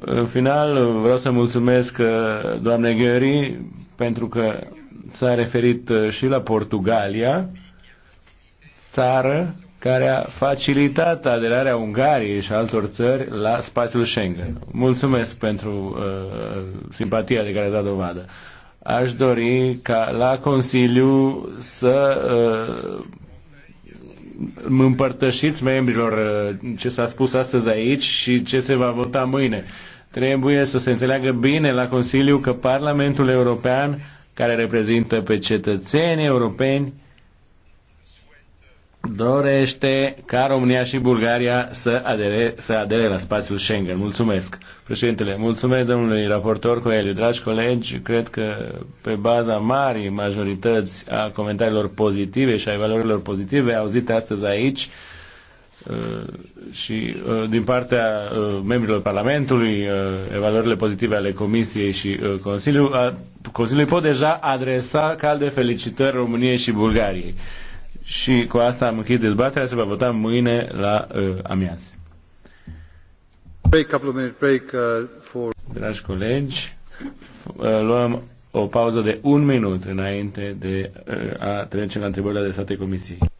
În final, vreau să mulțumesc uh, doamnei Gheri pentru că s-a referit uh, și la Portugalia, țară care a facilitat aderarea Ungariei și altor țări la spațiul Schengen. Mulțumesc pentru uh, simpatia de care a dat dovadă. Aș dori ca la Consiliu să uh, împărtășiți membrilor uh, ce s-a spus astăzi aici și ce se va vota mâine. Trebuie să se înțeleagă bine la Consiliu că Parlamentul European, care reprezintă pe cetățenii europeni, dorește ca România și Bulgaria să adere, să adere la spațiul Schengen. Mulțumesc, președintele. Mulțumesc, domnului raportor Coeliu. Dragi colegi, cred că pe baza marii majorități a comentariilor pozitive și a evaluărilor pozitive auzite astăzi aici, Uh, și uh, din partea uh, membrilor Parlamentului, evaluările pozitive ale Comisiei și Consiliului, Consiliului pot deja adresa calde felicitări României și Bulgariei. Și cu asta am închis dezbaterea, se va vota mâine la amiază. Dragi colegi, luăm o pauză de un minut înainte de a trece la întrebările state Comisiei.